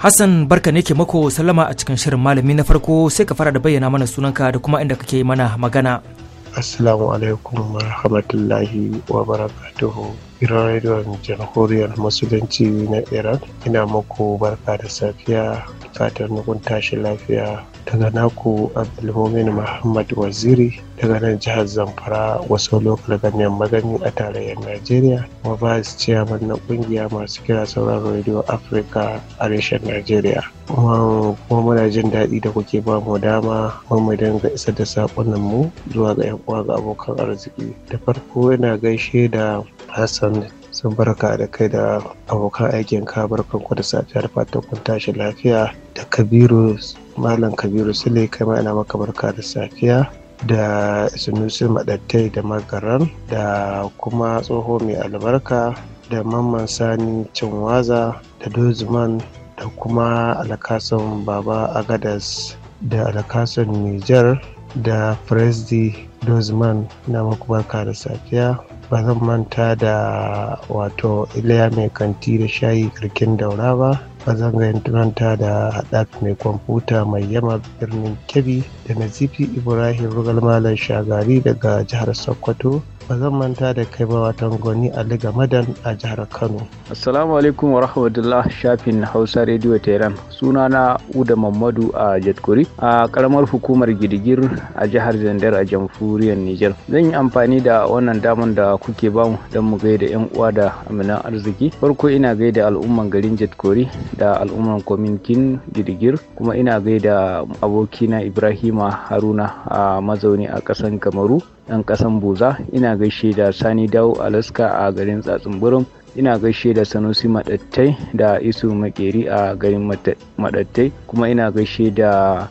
Hassan barka ne ke mako sallama a cikin shirin malami na farko sai ka fara da bayyana mana sunanka da kuma inda kake mana magana. Assalamu alaikum wa rahmatullahi wa barakatuhu. Iran rediyon jamhuriyar musulunci na Iran ina muku barka da safiya fatan kun tashi lafiya daga naku abdulmumin muhammad waziri daga nan jihar zamfara wasu lokal ganyen magani a tarayyar najeriya kuma vice chairman na kungiya masu kira sauran radio africa a reshen najeriya kuma muna jin daɗi da kuke ba mu dama mu dinga isar da saƙonan mu zuwa ga yan uwa ga abokan arziki da farko ina gaishe da hassan sun barka da kai da abokan aikin ka barkanku da safiya fatan kun tashi lafiya da kabiru malam kabiru sule kai ma ina maka barka da safiya da sunusu madattai da magaran da kuma tsoho mai albarka da mamman sani cinwaza da dozman da kuma alakasan baba agadas da alakasan niger da presdi dozman na maku barka da safiya ba zan manta da wato iliya mai kanti da shayi karkin daura ba ba zan manta da haɗaf mai kwamfuta mai yama birnin kebbi da nazifi ibrahim rugal malam shagari daga jihar sokoto ba zan manta da kai ba watan gwani Ali Gamadan a jihar Kano. Assalamu alaikum wa rahmatulah shafin Hausa rediyo Tehran. Suna na Uda Mamadu a Jatkuri a karamar hukumar Gidigir a jihar Zandar a jamhuriyar niger Zan yi amfani da wannan damar da kuke bamu don mu gaida yan uwa da aminan arziki. Farko ina gaida al'umman garin Jatkuri da al'umman kwaminkin Gidigir kuma ina gaida abokina Ibrahima Haruna a mazauni a ƙasan Kamaru. ɗan ƙasan Buza, ina gaishe da Sani Dawo Alaska a garin Tsatsunburum, ina gaishe da Sanusi Maɗattai da Isu Makeri a garin Maɗattai, kuma ina gaishe da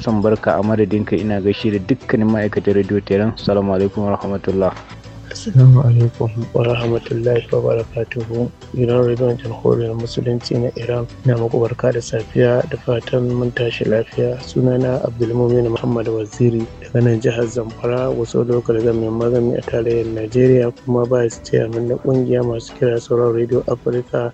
Hassan Barka a madadinka ina gaishe da dukkanin ma'aikatan Radio Tehran. salamu alaikum wa rahmatullah. Assalamu alaikum wa rahmatullahi wa barakatuhu. Gidan rediyon jamhuriyar musulunci na Iran na muku barka da safiya da fatan mun tashi lafiya. Sunana Abdulmumin Muhammad Waziri daga nan jihar Zamfara wasu lokal game magani a tarayyar Najeriya kuma ba su ce na kungiya masu kira sauran rediyo Afirka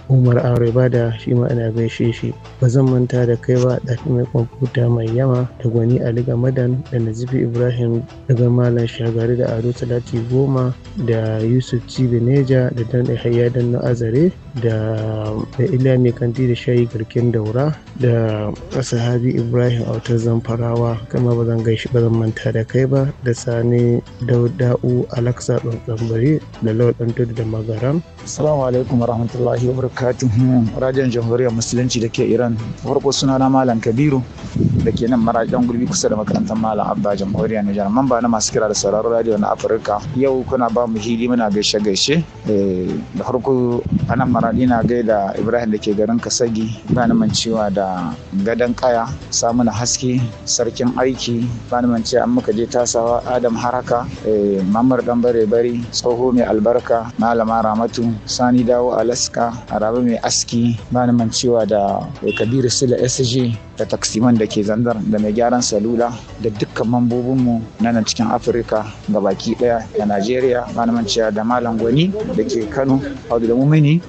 Umar da shi ma ina gaishe shi. Ba zan manta da kai ba ɗafi mai kwamfuta mai yama da gwani Ali Gamadan da Nazifi Ibrahim daga Malam Shagari da Ado Talati Goma da Yusuf Cibi Neja da Dan Yahaya Dan na Azare da ila mai kanti da shayi garkin daura da sahabi ibrahim autar zamfarawa kama ba zan gaishi ba zan manta da kai ba da sani dauda'u alaksa tsambari da lauɗan tudu da magaram assalamu alaikum warahmatullahi wabarakatuh radiyon jamhuriyar musulunci da ke iran farko suna na malam kabiru da ke nan marajan gurbi kusa da makarantar malam abba jamhuriyar nijar ba na masu kira da sauraron radiyo na afirka yau kuna ba mu hili muna gaishe gaishe eh, da farko a nan maradi na da ibrahim da ke garin kasagi bani mancewa da gadon kaya samuna haske sarkin aiki bani mancewa an muka je tasawa adam haraka eh, mamar dan bare bari tsoho mai albarka malama ramatu sani dawo alaska Araba mai aski bani mancewa da eh, kabiru sila sg da taksiman da ke zandar da mai gyaran salula da dukkan mambobinmu na nan cikin afirka ga baki daya da najeriya bani mancewa da malam gwani da ke kano audu da mumini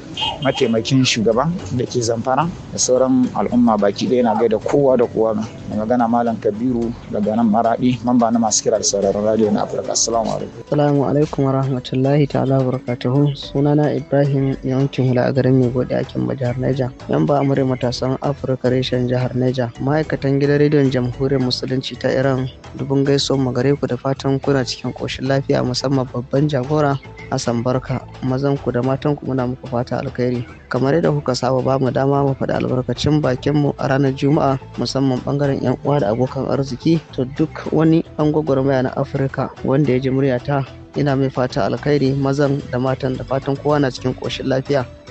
mataimakin shugaban da ke zamfara da sauran al'umma baki ɗaya na gaida kowa da kowa da magana malam kabiru daga nan maraɗi mamba na masu kira da sauraron radio na afirka assalamu alaikum assalamu alaikum rahmatullahi ta'ala barakatuhu sunana ibrahim yawancin hula a garin mai gode akin jihar niger yan ba amurai matasan afirka reshen jihar niger ma'aikatan gidan rediyon jamhuriyar musulunci ta iran dubun gaisuwan magare ku da fatan kuna cikin koshin lafiya musamman babban jagora hassan barka mazan ku da matan ku muna muku fata alkhairi kamar yadda kuka saba ba mu dama mu faɗi albarkacin bakin mu a ranar juma'a musamman bangaren yan uwa da abokan arziki to duk wani an gwagwarmaya na afirka wanda ya ji muryata ina mai fata alkhairi mazan da matan da fatan kowa na cikin ƙoshin lafiya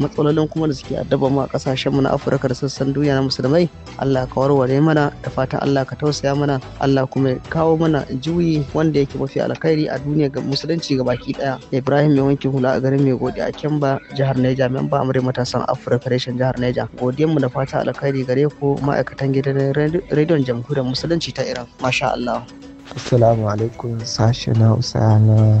matsalolin kuma da suke addaba mu a kasashen mu na Afirka da sassan duniya na musulmai Allah ka warware mana da fatan Allah ka tausaya mana Allah kuma ya kawo mana juyi wanda yake mafi alkhairi a duniya ga musulunci ga baki daya Ibrahim ya wanke hula a garin mai godiya a Kemba jihar Niger memba amurai matasan Afirka reshen jihar Niger godiyan mu da fatan alkhairi gare ku ma'aikatan gidan rediyon jamhuriyar musulunci ta Iran masha Allah Assalamu alaikum sashen usa na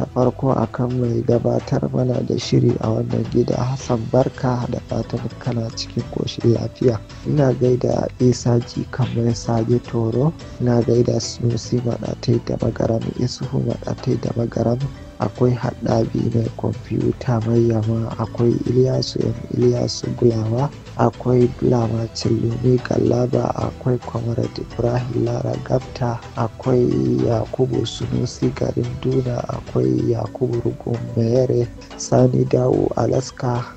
ta farko akan mai gabatar mana da shiri a wannan gida Hassan Barka da fatan kana cikin koshin lafiya. Ina gaida Isa Ji kamar Sage Toro, ina gaida Sunusi Maɗatai da Magaram Isuhu Maɗatai da Magaram akwai haɗabi mai kwamfuta mai yama akwai iliyasu yan iliyasu gulawa akwai bulawa cilomi galaba akwai kwamarat ibrahim lara gafta akwai yakubu sunusi garin duna akwai yakubu rugun mayere sani dawo alaska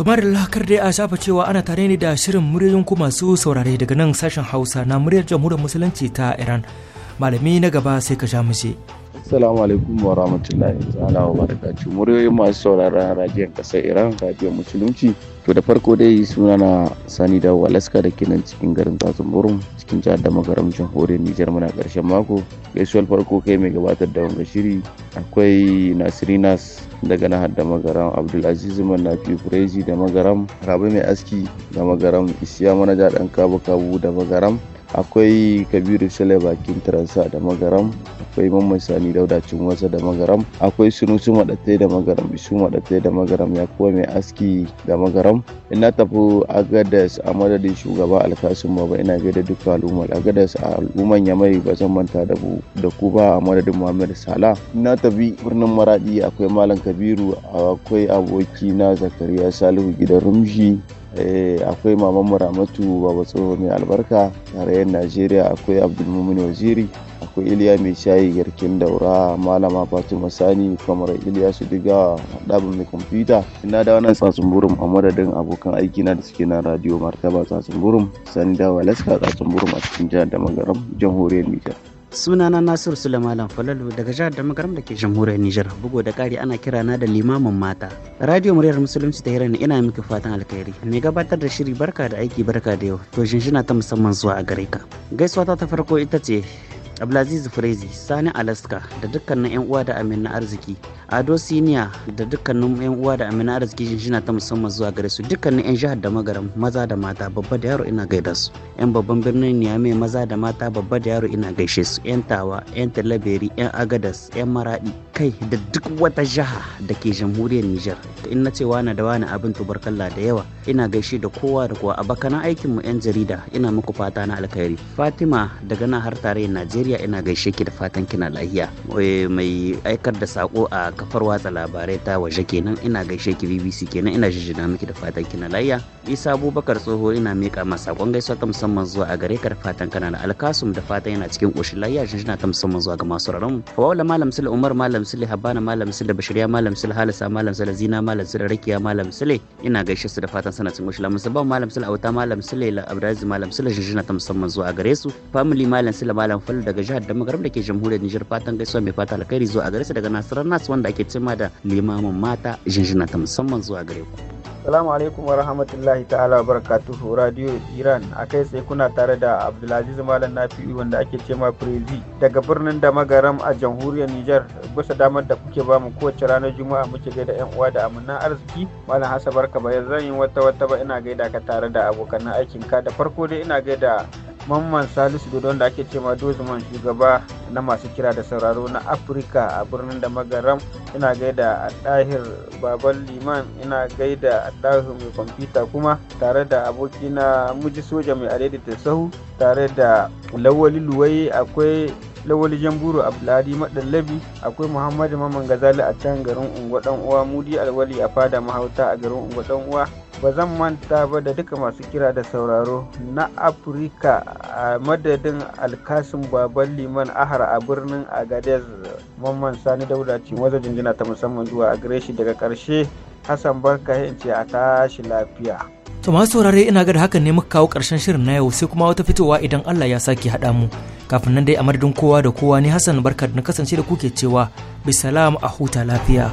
tumarilla kar dai a shafa cewa ana tare ne da shirin muryoyin ku masu saurare daga nan sashen hausa na muryar jamhuriyar musulunci ta iran malami na gaba sai ka sha mishi. Assalamu alaikum wa rahmatullahi wa barakatuh. Muryoyin masu sauraron radiyon kasar Iran, radiyon musulunci to da farko dai suna na sani da alaska da ke nan cikin garin tsatsun burin cikin jihar da magaram jamhuriyar nijar muna karshen mako gaisuwar farko kai mai gabatar da wanga shiri akwai nasirinas daga nahar da magaram abdulaziz manafi kurezi da magaram rabi mai aski da magaram isiya manaja dan kabu kabu da magaram akwai kabiru sale bakin taransa da magaram akwai mamman sani daudacin wasa da magaram akwai sunusu maɗatai da magaram isu maɗatai da magaram ya kuwa mai aski da magaram ina tafi agadas a madadin shugaba alkasun baba ina gaida duk al'ummar agadas a al'umman mai ba zan manta da ku ba a madadin muhammad sala ina tafi birnin maradi akwai malam kabiru akwai aboki na zakariya salihu gidan rumshi Eh, akwai maman muramatu baba tsoho mai albarka tarayyar najeriya akwai abdulmumin waziri akwai iliya mai shayi garkin daura malama fatima sani kamar iliya su diga ɗabin mai kwamfuta ina da wannan tsatsun burum a madadin abokan aiki na da suke na radio martaba tsatsun burum sani da walaska tsatsun burum a cikin jihar da magaram jamhuriyar nijar sunana nasiru sulaiman falalu daga jihar damagaram da ke jamhuriyar nijar bugu da kari ana kira na da limamin mata radio muryar musulunci ta hirar ina miki fatan alkhairi mai gabatar da shiri barka da aiki barka da yau to shinshina ta musamman zuwa a gare ka gaisuwa ta farko ita ce abdulaziz frezi sani alaska da dukkanin yan uwa da amin arziki ado siniya da dukkanin yan uwa da amin na arziki jinjina ta musamman zuwa gare su dukkanin yan jihar da magaram maza da mata babba da yaro ina gaida su yan babban birnin niamey maza da mata babba da yaro ina gaishe su yan tawa yan talaberi yan agadas yan maradi kai da duk wata jiha da ke jamhuriyar Nijar. in na ce na da wani abin tubarkalla da yawa ina gaishe da kowa da kowa abokanan aikin mu yan jarida ina muku fata na alkhairi fatima daga nan har tare najeriya ina gaishe ki da fatan kina lahiya mai aikar da sako a kafar watsa labarai ta waje kenan ina gaishe ki bbc kenan ina jijjina miki da fatan kina lahiya isa abubakar tsoho ina miƙa ma sakon gaisuwa ta musamman zuwa a gare ka da fatan kana da alkasum da fatan yana cikin ƙoshin lahiya jijjina ta musamman zuwa ga masu raron fawala malam sule umar malam sule habana malam sule bashiriya malam sule halisa malam sule zina malam sule rakiya malam sule ina gaishe su da fatan sana sun mushla musamman malam sila auta malam sule abdulaziz malam sule jinjina ta musamman zuwa gare su family malam sila malam fal daga jihar da magaram da ke jamhuriyar Nijar fatan gaisuwa mai fata alkhairi zuwa gare su daga nasarar nasu wanda ake cima da limamin mata jinjina ta musamman zuwa gare ku. Assalamu alaikum wa rahmatullahi ta'ala wa barakatuhu Radio Iran a kai sai kuna tare da Abdulaziz Malam Nafi'u wanda ake ce ma Prezi daga birnin da magaram a jamhuriyar Nijar bisa damar da kuke bamu kowace ranar Juma'a muke gaida yan uwa da aminnan arziki Malam Hassan barka bayan zan yi wata wata ba ina gaida ka tare da abokan aikin ka da farko dai ina gaida Mamman Salisu Dodon da ake cewa Dozman shugaba na masu kira da sauraro na Afirka a birnin da magaram ina gaida a ɗahir baban liman ina gaida a ɗahir mai kwamfuta kuma tare da abokina muji soja mai adaidaita sahu tare da lawali luwai akwai lawali jamburu abdulhadi madallabi akwai muhammadu mamman gazali a can garin unguwa dan uwa mudi alwali a fada mahauta a garin unguwa dan uwa ba zan manta ba da duka masu kira da sauraro na afirka a madadin alkasin baban liman ahara a birnin agadez mamman sani dauda ce waza jinjina ta musamman zuwa a gare shi daga karshe hassan barka ce a tashi lafiya To masu saurare ina ga da hakan ne muka kawo ƙarshen shirin na yau sai kuma wata fitowa idan Allah ya sake haɗa mu. Kafin nan dai a madadin kowa da kowa ne Hassan barka na kasance da kuke cewa bisalam a huta lafiya.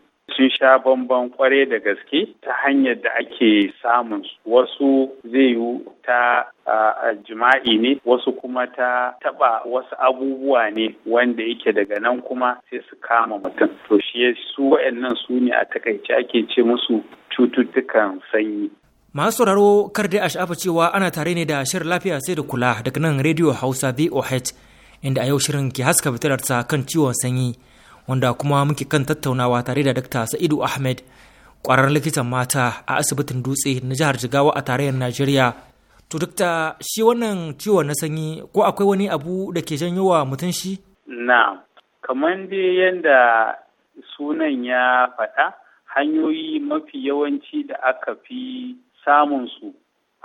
sun sha bamban kware da gaske ta hanyar da ake samun wasu zai yi ta jima'i ne wasu kuma ta taba wasu abubuwa ne wanda yake daga nan kuma sai su kama mutum to shi su waɗannan su ne a takaice ake ce musu cututtukan sanyi masu sauraro kar dai a sha'afa cewa ana tare ne da shirin lafiya sai da kula daga nan rediyo hausa voh inda a yau shirin ke haska fitararsa kan ciwon sanyi wanda kuma muke kan tattaunawa tare da Dr. Sa'idu Ahmed kwarar likitan mata a asibitin dutse na jihar Jigawa a tarayyar Najeriya. To Dr. shi wannan ciwon na sanyi ko akwai wani abu da ke janyo wa mutum shi? Na Kamar dai yadda sunan ya faɗa hanyoyi mafi yawanci da aka fi samun su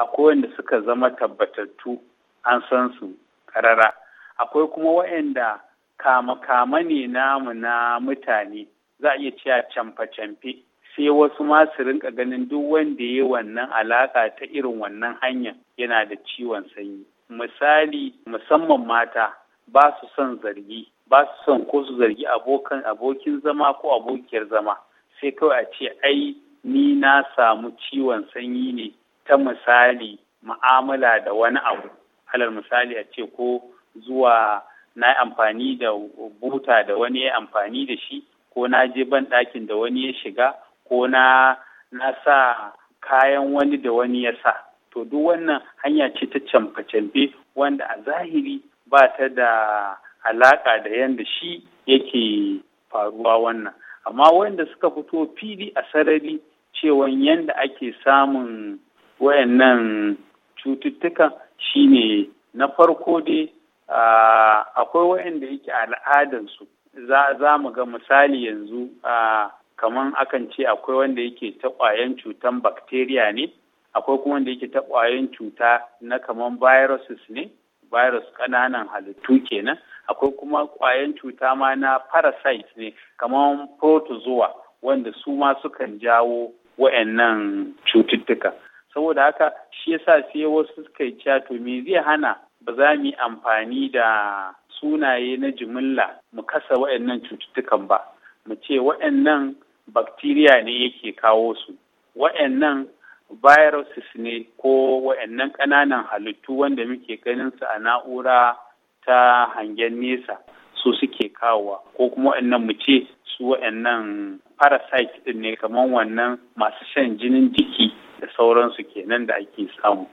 akwai wanda suka zama tabbatattu an san su karara akwai kuma waɗanda kama-kama ne namu na mutane za a iya cewa camfe-camfe sai wasu ma su rinka ganin duk wanda ya wannan alaka ta irin wannan hanya yana da ciwon sanyi misali musamman mata ba su son zargi ba su son ko su zargi abokan abokin zama ko abokiyar zama sai kawai a ce ai ni na samu ciwon sanyi ne ta misali ma'amala da wani abu alal misali a ce ko zuwa na amfani da buta da wani ya amfani da shi ko na je ban ɗakin da wani ya shiga ko na sa kayan wani da wani ya sa to duk wannan hanya ce ta camfe-camfe wanda a zahiri ba ta da alaƙa da yadda shi yake faruwa wannan amma wanda suka fito fili a sarari cewan yadda ake samun wayannan cututtukan shine na farko dai Ah, akwai waɗanda yake al'adansu za mu ga misali yanzu ah, kaman akan ce akwai wanda yake ta ƙwayan cutan bakteriya ne akwai kuma wanda yake ta ƙwayan cuta na kaman viruses ne virus ƙananan halittu kenan akwai kuma ƙwayan cuta ma na parasite ne kaman protozoa wanda su ma sukan jawo wa'annan cututtuka saboda haka shi yasa sai wasu suka yi to me zai hana ba za mu yi amfani da sunaye na jimilla mu kasa waɗannan cututtukan ba mu ce waannan bakteriya ne yake kawo su waɗannan viruses ne ko waɗannan ƙananan halittu wanda muke ganin su a na'ura ta hangen nesa su suke kawowa ko kuma waɗannan mu ce su waɗannan parasite ɗin ne kamar wannan masu shan jinin jiki da sauransu kenan da ake samu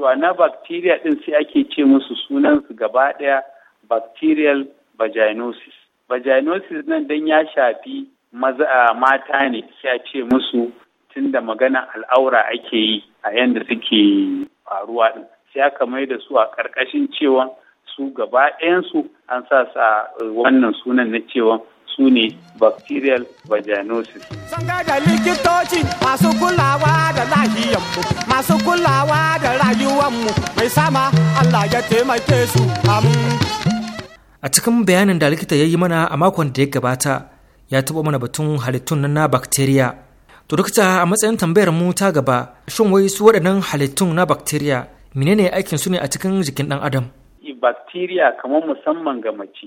to na bacteria din sai ake ce musu sunansu gaba ɗaya bacterial vaginosis vaginosis nan dan ya shafi maza mata ne sai a ce musu tunda magana al'aura ake yi a yanda suke faruwa din sai aka mai da su a ƙarƙashin cewa su gaba ɗayansu an sa sa wannan sunan na cewa su ne bacterial vaginosis. Sun da likitoci masu kulawa da lahiyanmu, masu kulawa da rayuwanmu mai sama Allah ya taimake su A cikin bayanin da likita ya yi mana a makon da ya gabata ya taɓa mana batun halittun na bacteria. To likita a matsayin tambayar mu ta gaba, shin wai su waɗannan halittun na bacteria menene aikin su ne a cikin jikin ɗan adam? Bacteria kamar musamman ga mace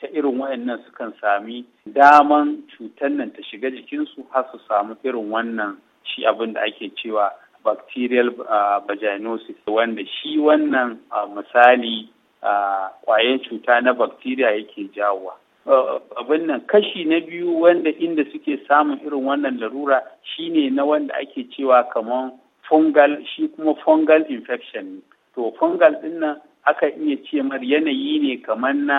ta irin wayannan sukan sami daman cutar nan ta shiga jikinsu har su samu irin wannan shi abin da ake cewa bacterial vaginosis wanda shi wannan misali kwayan cuta na bacteria yake jawowa abin nan kashi na biyu wanda inda suke samun irin wannan larura shine na wanda ake cewa kamar fungal shi kuma fungal infection ne to fungal din aka iya ce mar yanayi ne kamar na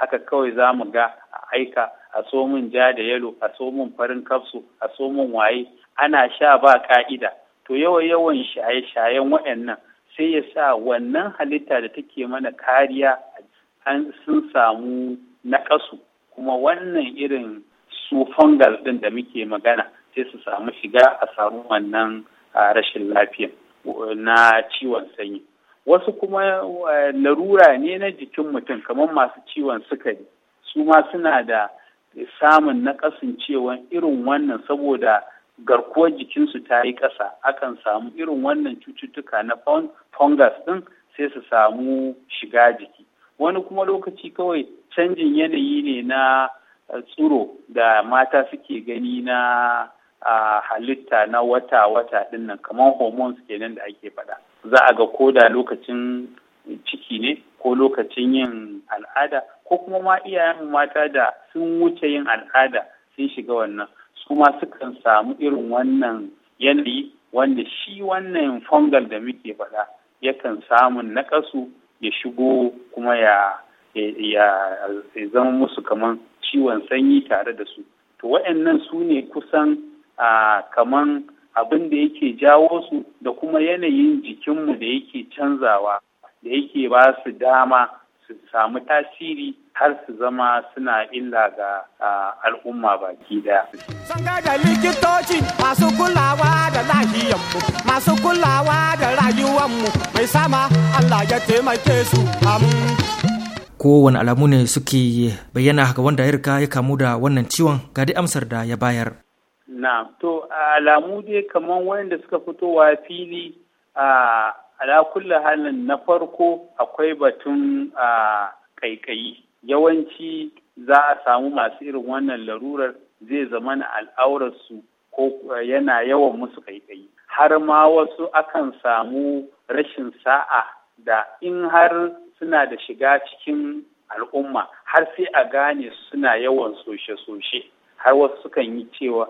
haka kawai za mu ga a aika a so min ja da yalo a so farin kafsu a so min waye ana sha ba ka'ida to yawan yawan shaye-shayen waɗannan sai ya sa wannan halitta da take mana kariya an sun samu naƙasu kuma wannan irin su fungal ɗin da muke magana sai su samu shiga a samu wannan rashin lafiya na ciwon sanyi wasu kuma eh, larura ne na jikin mutum kamar masu ciwon sukari su ma suna da samun na irin wannan saboda garkuwar jikinsu ta yi ƙasa akan samu irin wannan cututtuka na fungus ɗin sai su samu shiga jiki wani kuma lokaci kawai canjin yanayi ne na eh, tsuro da mata suke gani na ah, halitta na wata-wata ɗin ɗinnan kamar hormones kenan da ake faɗa. za a ga ko da lokacin ciki ne ko lokacin yin al'ada ko kuma ma iyayen mata da sun wuce yin al'ada sun shiga wannan su ma sukan samu irin wannan yanayi wanda shi wannan fungal da muke faɗa yakan samun naƙasu ya shigo kuma ya zama musu kaman ciwon sanyi tare da su to waɗannan su ne kusan ah, kaman abin da yake jawo su da kuma yanayin jikinmu da yake canzawa da yake ba su dama su samu tasiri har su zama suna illa ga al'umma baki daya. Sun da likitoci masu kulawa da lahiyanmu, masu kulawa da rayuwanmu mai sama Allah ya taimake su Kowane alamu ne suke bayyana ga wanda ya riga ya kamu da wannan ciwon gadi amsar da ya bayar. na to alamu dai kamar wanda suka fitowa fili a alakulla halin na farko akwai batun a kaikayi yawanci za a samu masu irin wannan larurar zai zama na al'aurarsu ko yana yawan musu kaikayi har ma wasu akan samu rashin sa'a da in har suna da shiga cikin al'umma har sai a gane suna yawan soshe-soshe har wasu sukan yi cewa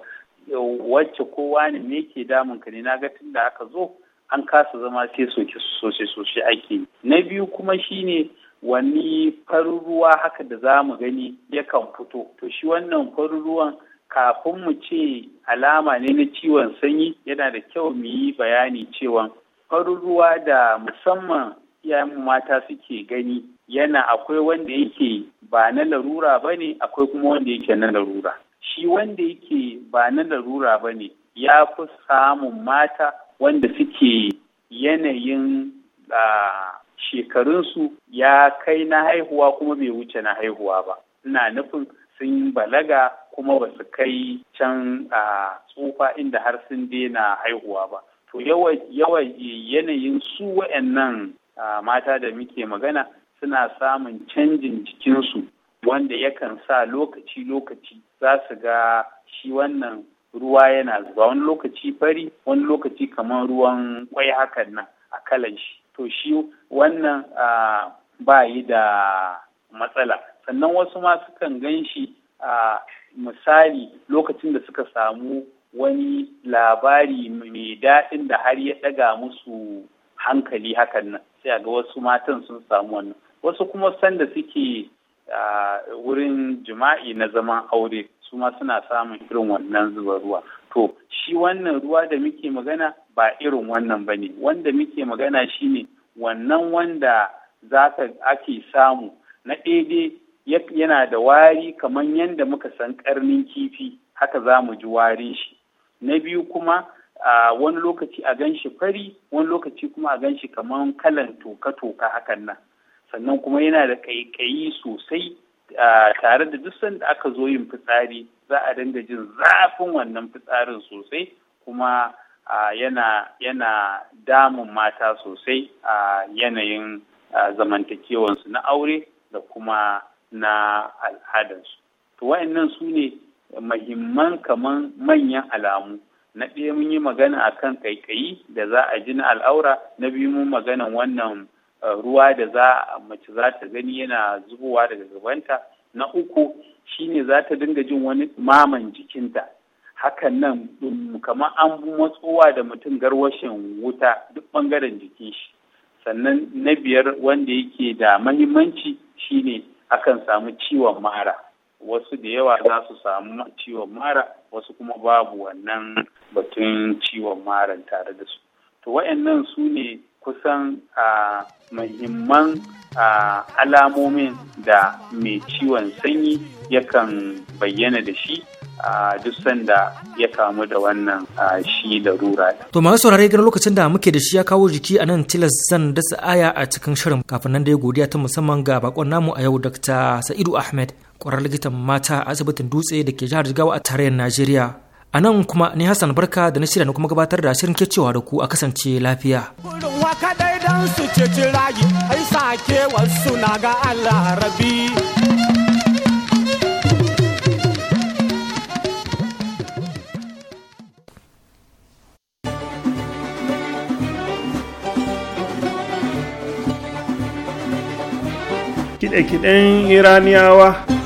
wacce kowa ne me ke damun ka ne na ga tun da aka zo an kasa zama sai soke sosai sosai ake yi na biyu kuma shine wani faruruwa haka da za mu gani yakan fito to shi wannan faruruwan, kafin mu ce alama ne na ciwon sanyi yana da kyau mu yi bayani cewa faruruwa da musamman iyayen mata suke gani yana akwai wanda yake ba na larura ba ne akwai kuma wanda yake na larura shi wanda yake ba na larura ba ne ya fi samun mata wanda suke yanayin shekarunsu ya kai na haihuwa kuma bai wuce na haihuwa ba ina nufin sun balaga kuma ba su kai can a tsufa inda har sun daina haihuwa ba to yawa yanayin su wa'annan mata da muke magana suna samun canjin jikinsu wanda yakan sa lokaci-lokaci za su ga shi wannan ruwa yana zuba wani lokaci fari wani lokaci kamar ruwan kwai hakan nan a kalan shi to shi wannan ba yi da matsala sannan wasu ma sukan gan shi a misali lokacin da suka samu wani labari mai daɗin da har ya ɗaga musu hankali hakan nan sai a ga wasu matan sun samu wannan wasu kuma sanda suke wurin jima'i na zaman aure su ma suna samun irin wannan zuba ruwa to shi wannan ruwa da muke magana ba irin wannan ba ne wanda muke magana shine wannan wanda za ka ake samu na daidai yana da wari kamar yadda muka san karnin kifi haka za mu ji warin shi na biyu kuma a wani lokaci a gan shi fari wani lokaci kuma a gan shi kamar kalan toka-toka hakan nan sannan kuma yana da kaikayi sosai a tare da duk sanda aka zo yin fitsari za a dinga jin zafin wannan fitsarin sosai kuma yana yana damun mata sosai a yanayin zamantakewansu na aure da kuma na al'adarsu to wayannan su ne mahimman kaman manyan alamu na ɗaya mun yi magana akan kaikayi da za a ji na al'aura na biyu mun magana wannan Eh, ruwa da za mace za ta gani yana zubowa daga gabanta na uku shine za ta dinga jin wani maman jikinta hakan nan um, kamar an matsowa da mutum garwashin wuta duk bangaren jikin shi sannan na biyar wanda yake da mahimmanci shine akan samu ciwon mara wasu da yawa za su samu ciwon mara wasu kuma babu wannan batun ciwon mara tare da su to wayannan su ne kusan a muhimman alamomin da mai ciwon sanyi yakan bayyana da shi a duk sanda ya kamu da wannan shi da larura. To masu saurare ganin lokacin da muke da shi ya kawo jiki a nan tilas zan dasa aya a cikin shirin kafin nan da ya godiya ta musamman ga bakon namu a yau Dr. Sa'idu Ahmed, kwarar likitan mata a asibitin dutse da ke jihar Jigawa a tarayyar Najeriya. A nan kuma ni Hassan Barka da na shirya na kuma gabatar da shirin cewa da ku a kasance lafiya. Kurin waka dai dan su ceci rayu, ai sake wasu na ga Allah rabi. Kiɗe-kiɗen Iraniyawa.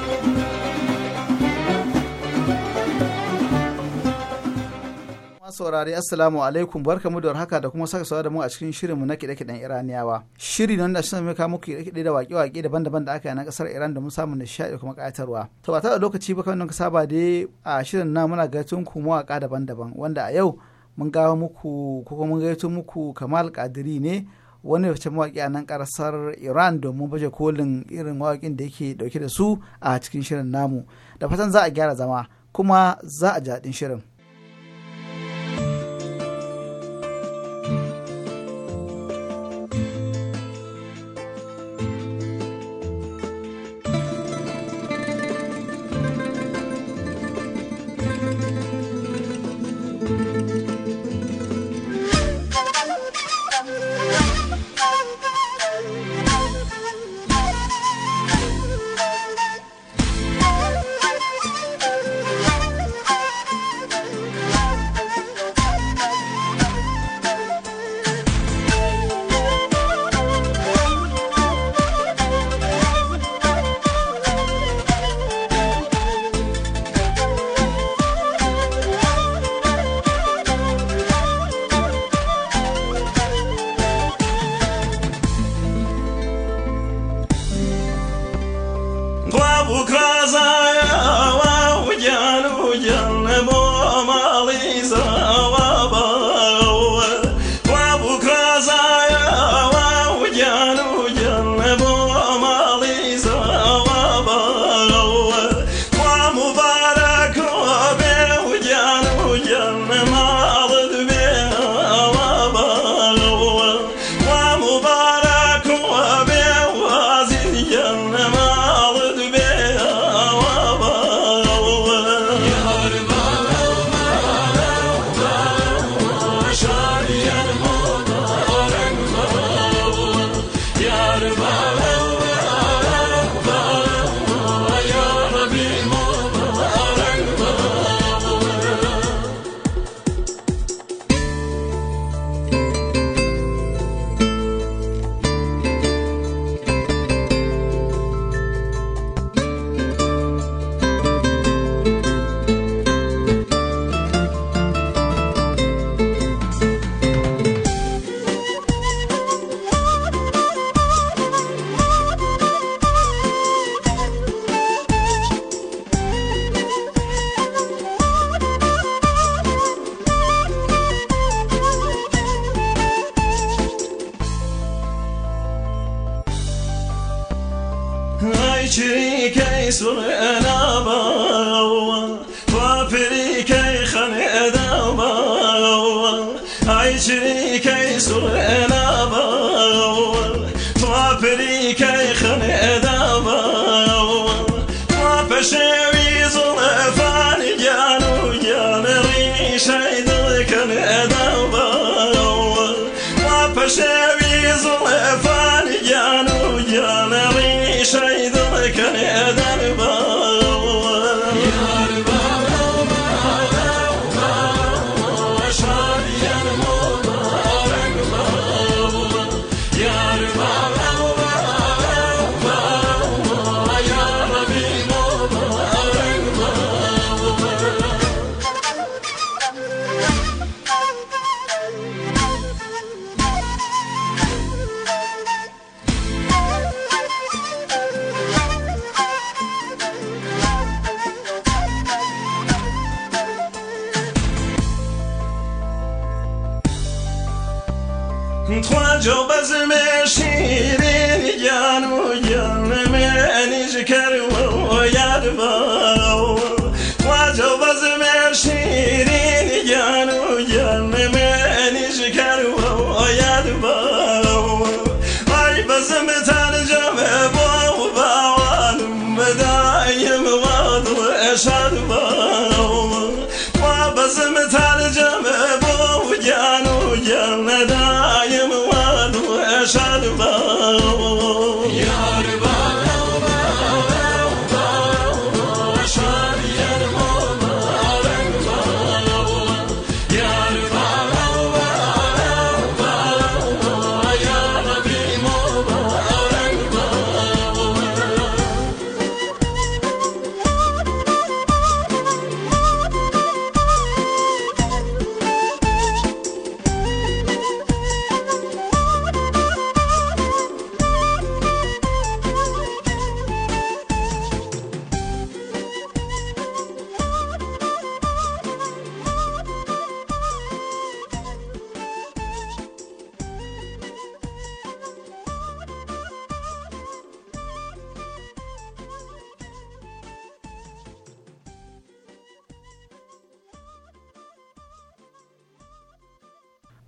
saurari assalamu alaikum mu da haka da kuma saka da mu a cikin shirinmu na kiɗe-kiɗen iraniyawa shiri na wanda shi mai kawo muku kiɗe da waƙe-waƙe daban-daban da aka yi na ƙasar iran da mun samu nishaɗi da kuma ƙayatarwa to ba da lokaci ba kamar ka saba dai a shirin na muna gaitun ku mawaƙa daban-daban wanda a yau mun gawo muku ko kuma mun gaito muku kamal kadiri ne wani fice mawaƙi a nan karasar iran domin baje kolin irin mawaƙin da yake dauke da su a cikin shirin namu da fatan za a gyara zama kuma za a daɗin shirin.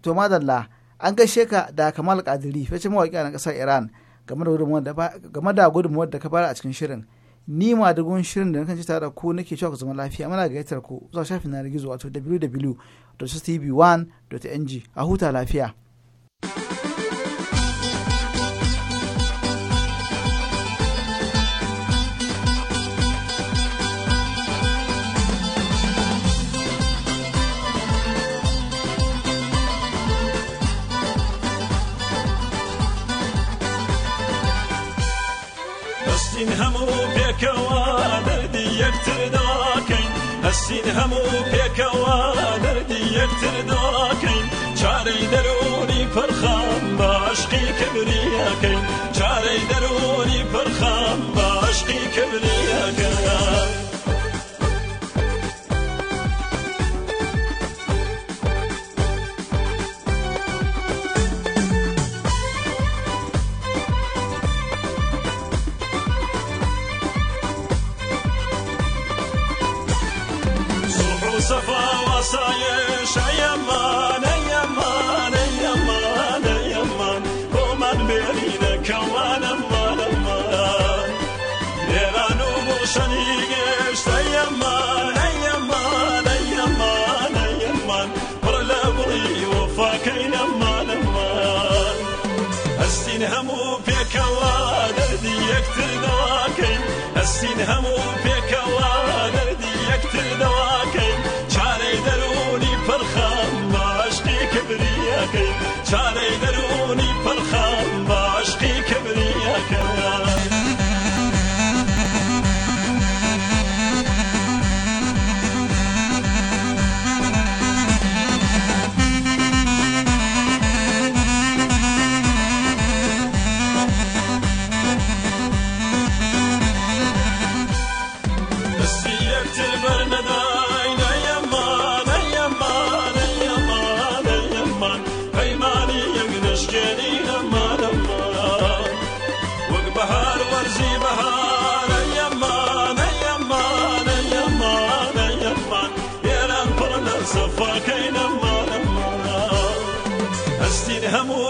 to madalla an gaishe ka da kamal kadiri fice mawaƙi na ƙasar iran game da gudunmuwar da ka fara a cikin shirin ni ma gun shirin da nakan ci tare ku nake cewa ku zama lafiya muna gayyatar ku zuwa shafin na gizo wato www.tv1.ng a huta lafiya. سین هەموو پێکەوە دەردی یەکتر دۆڕاکەین چارەی دەرۆری پرخام باشقی کەبریەکەین چارەی دەرۆری پرخام باشقی کەبریەکەن Jerusalem Charlie. erramos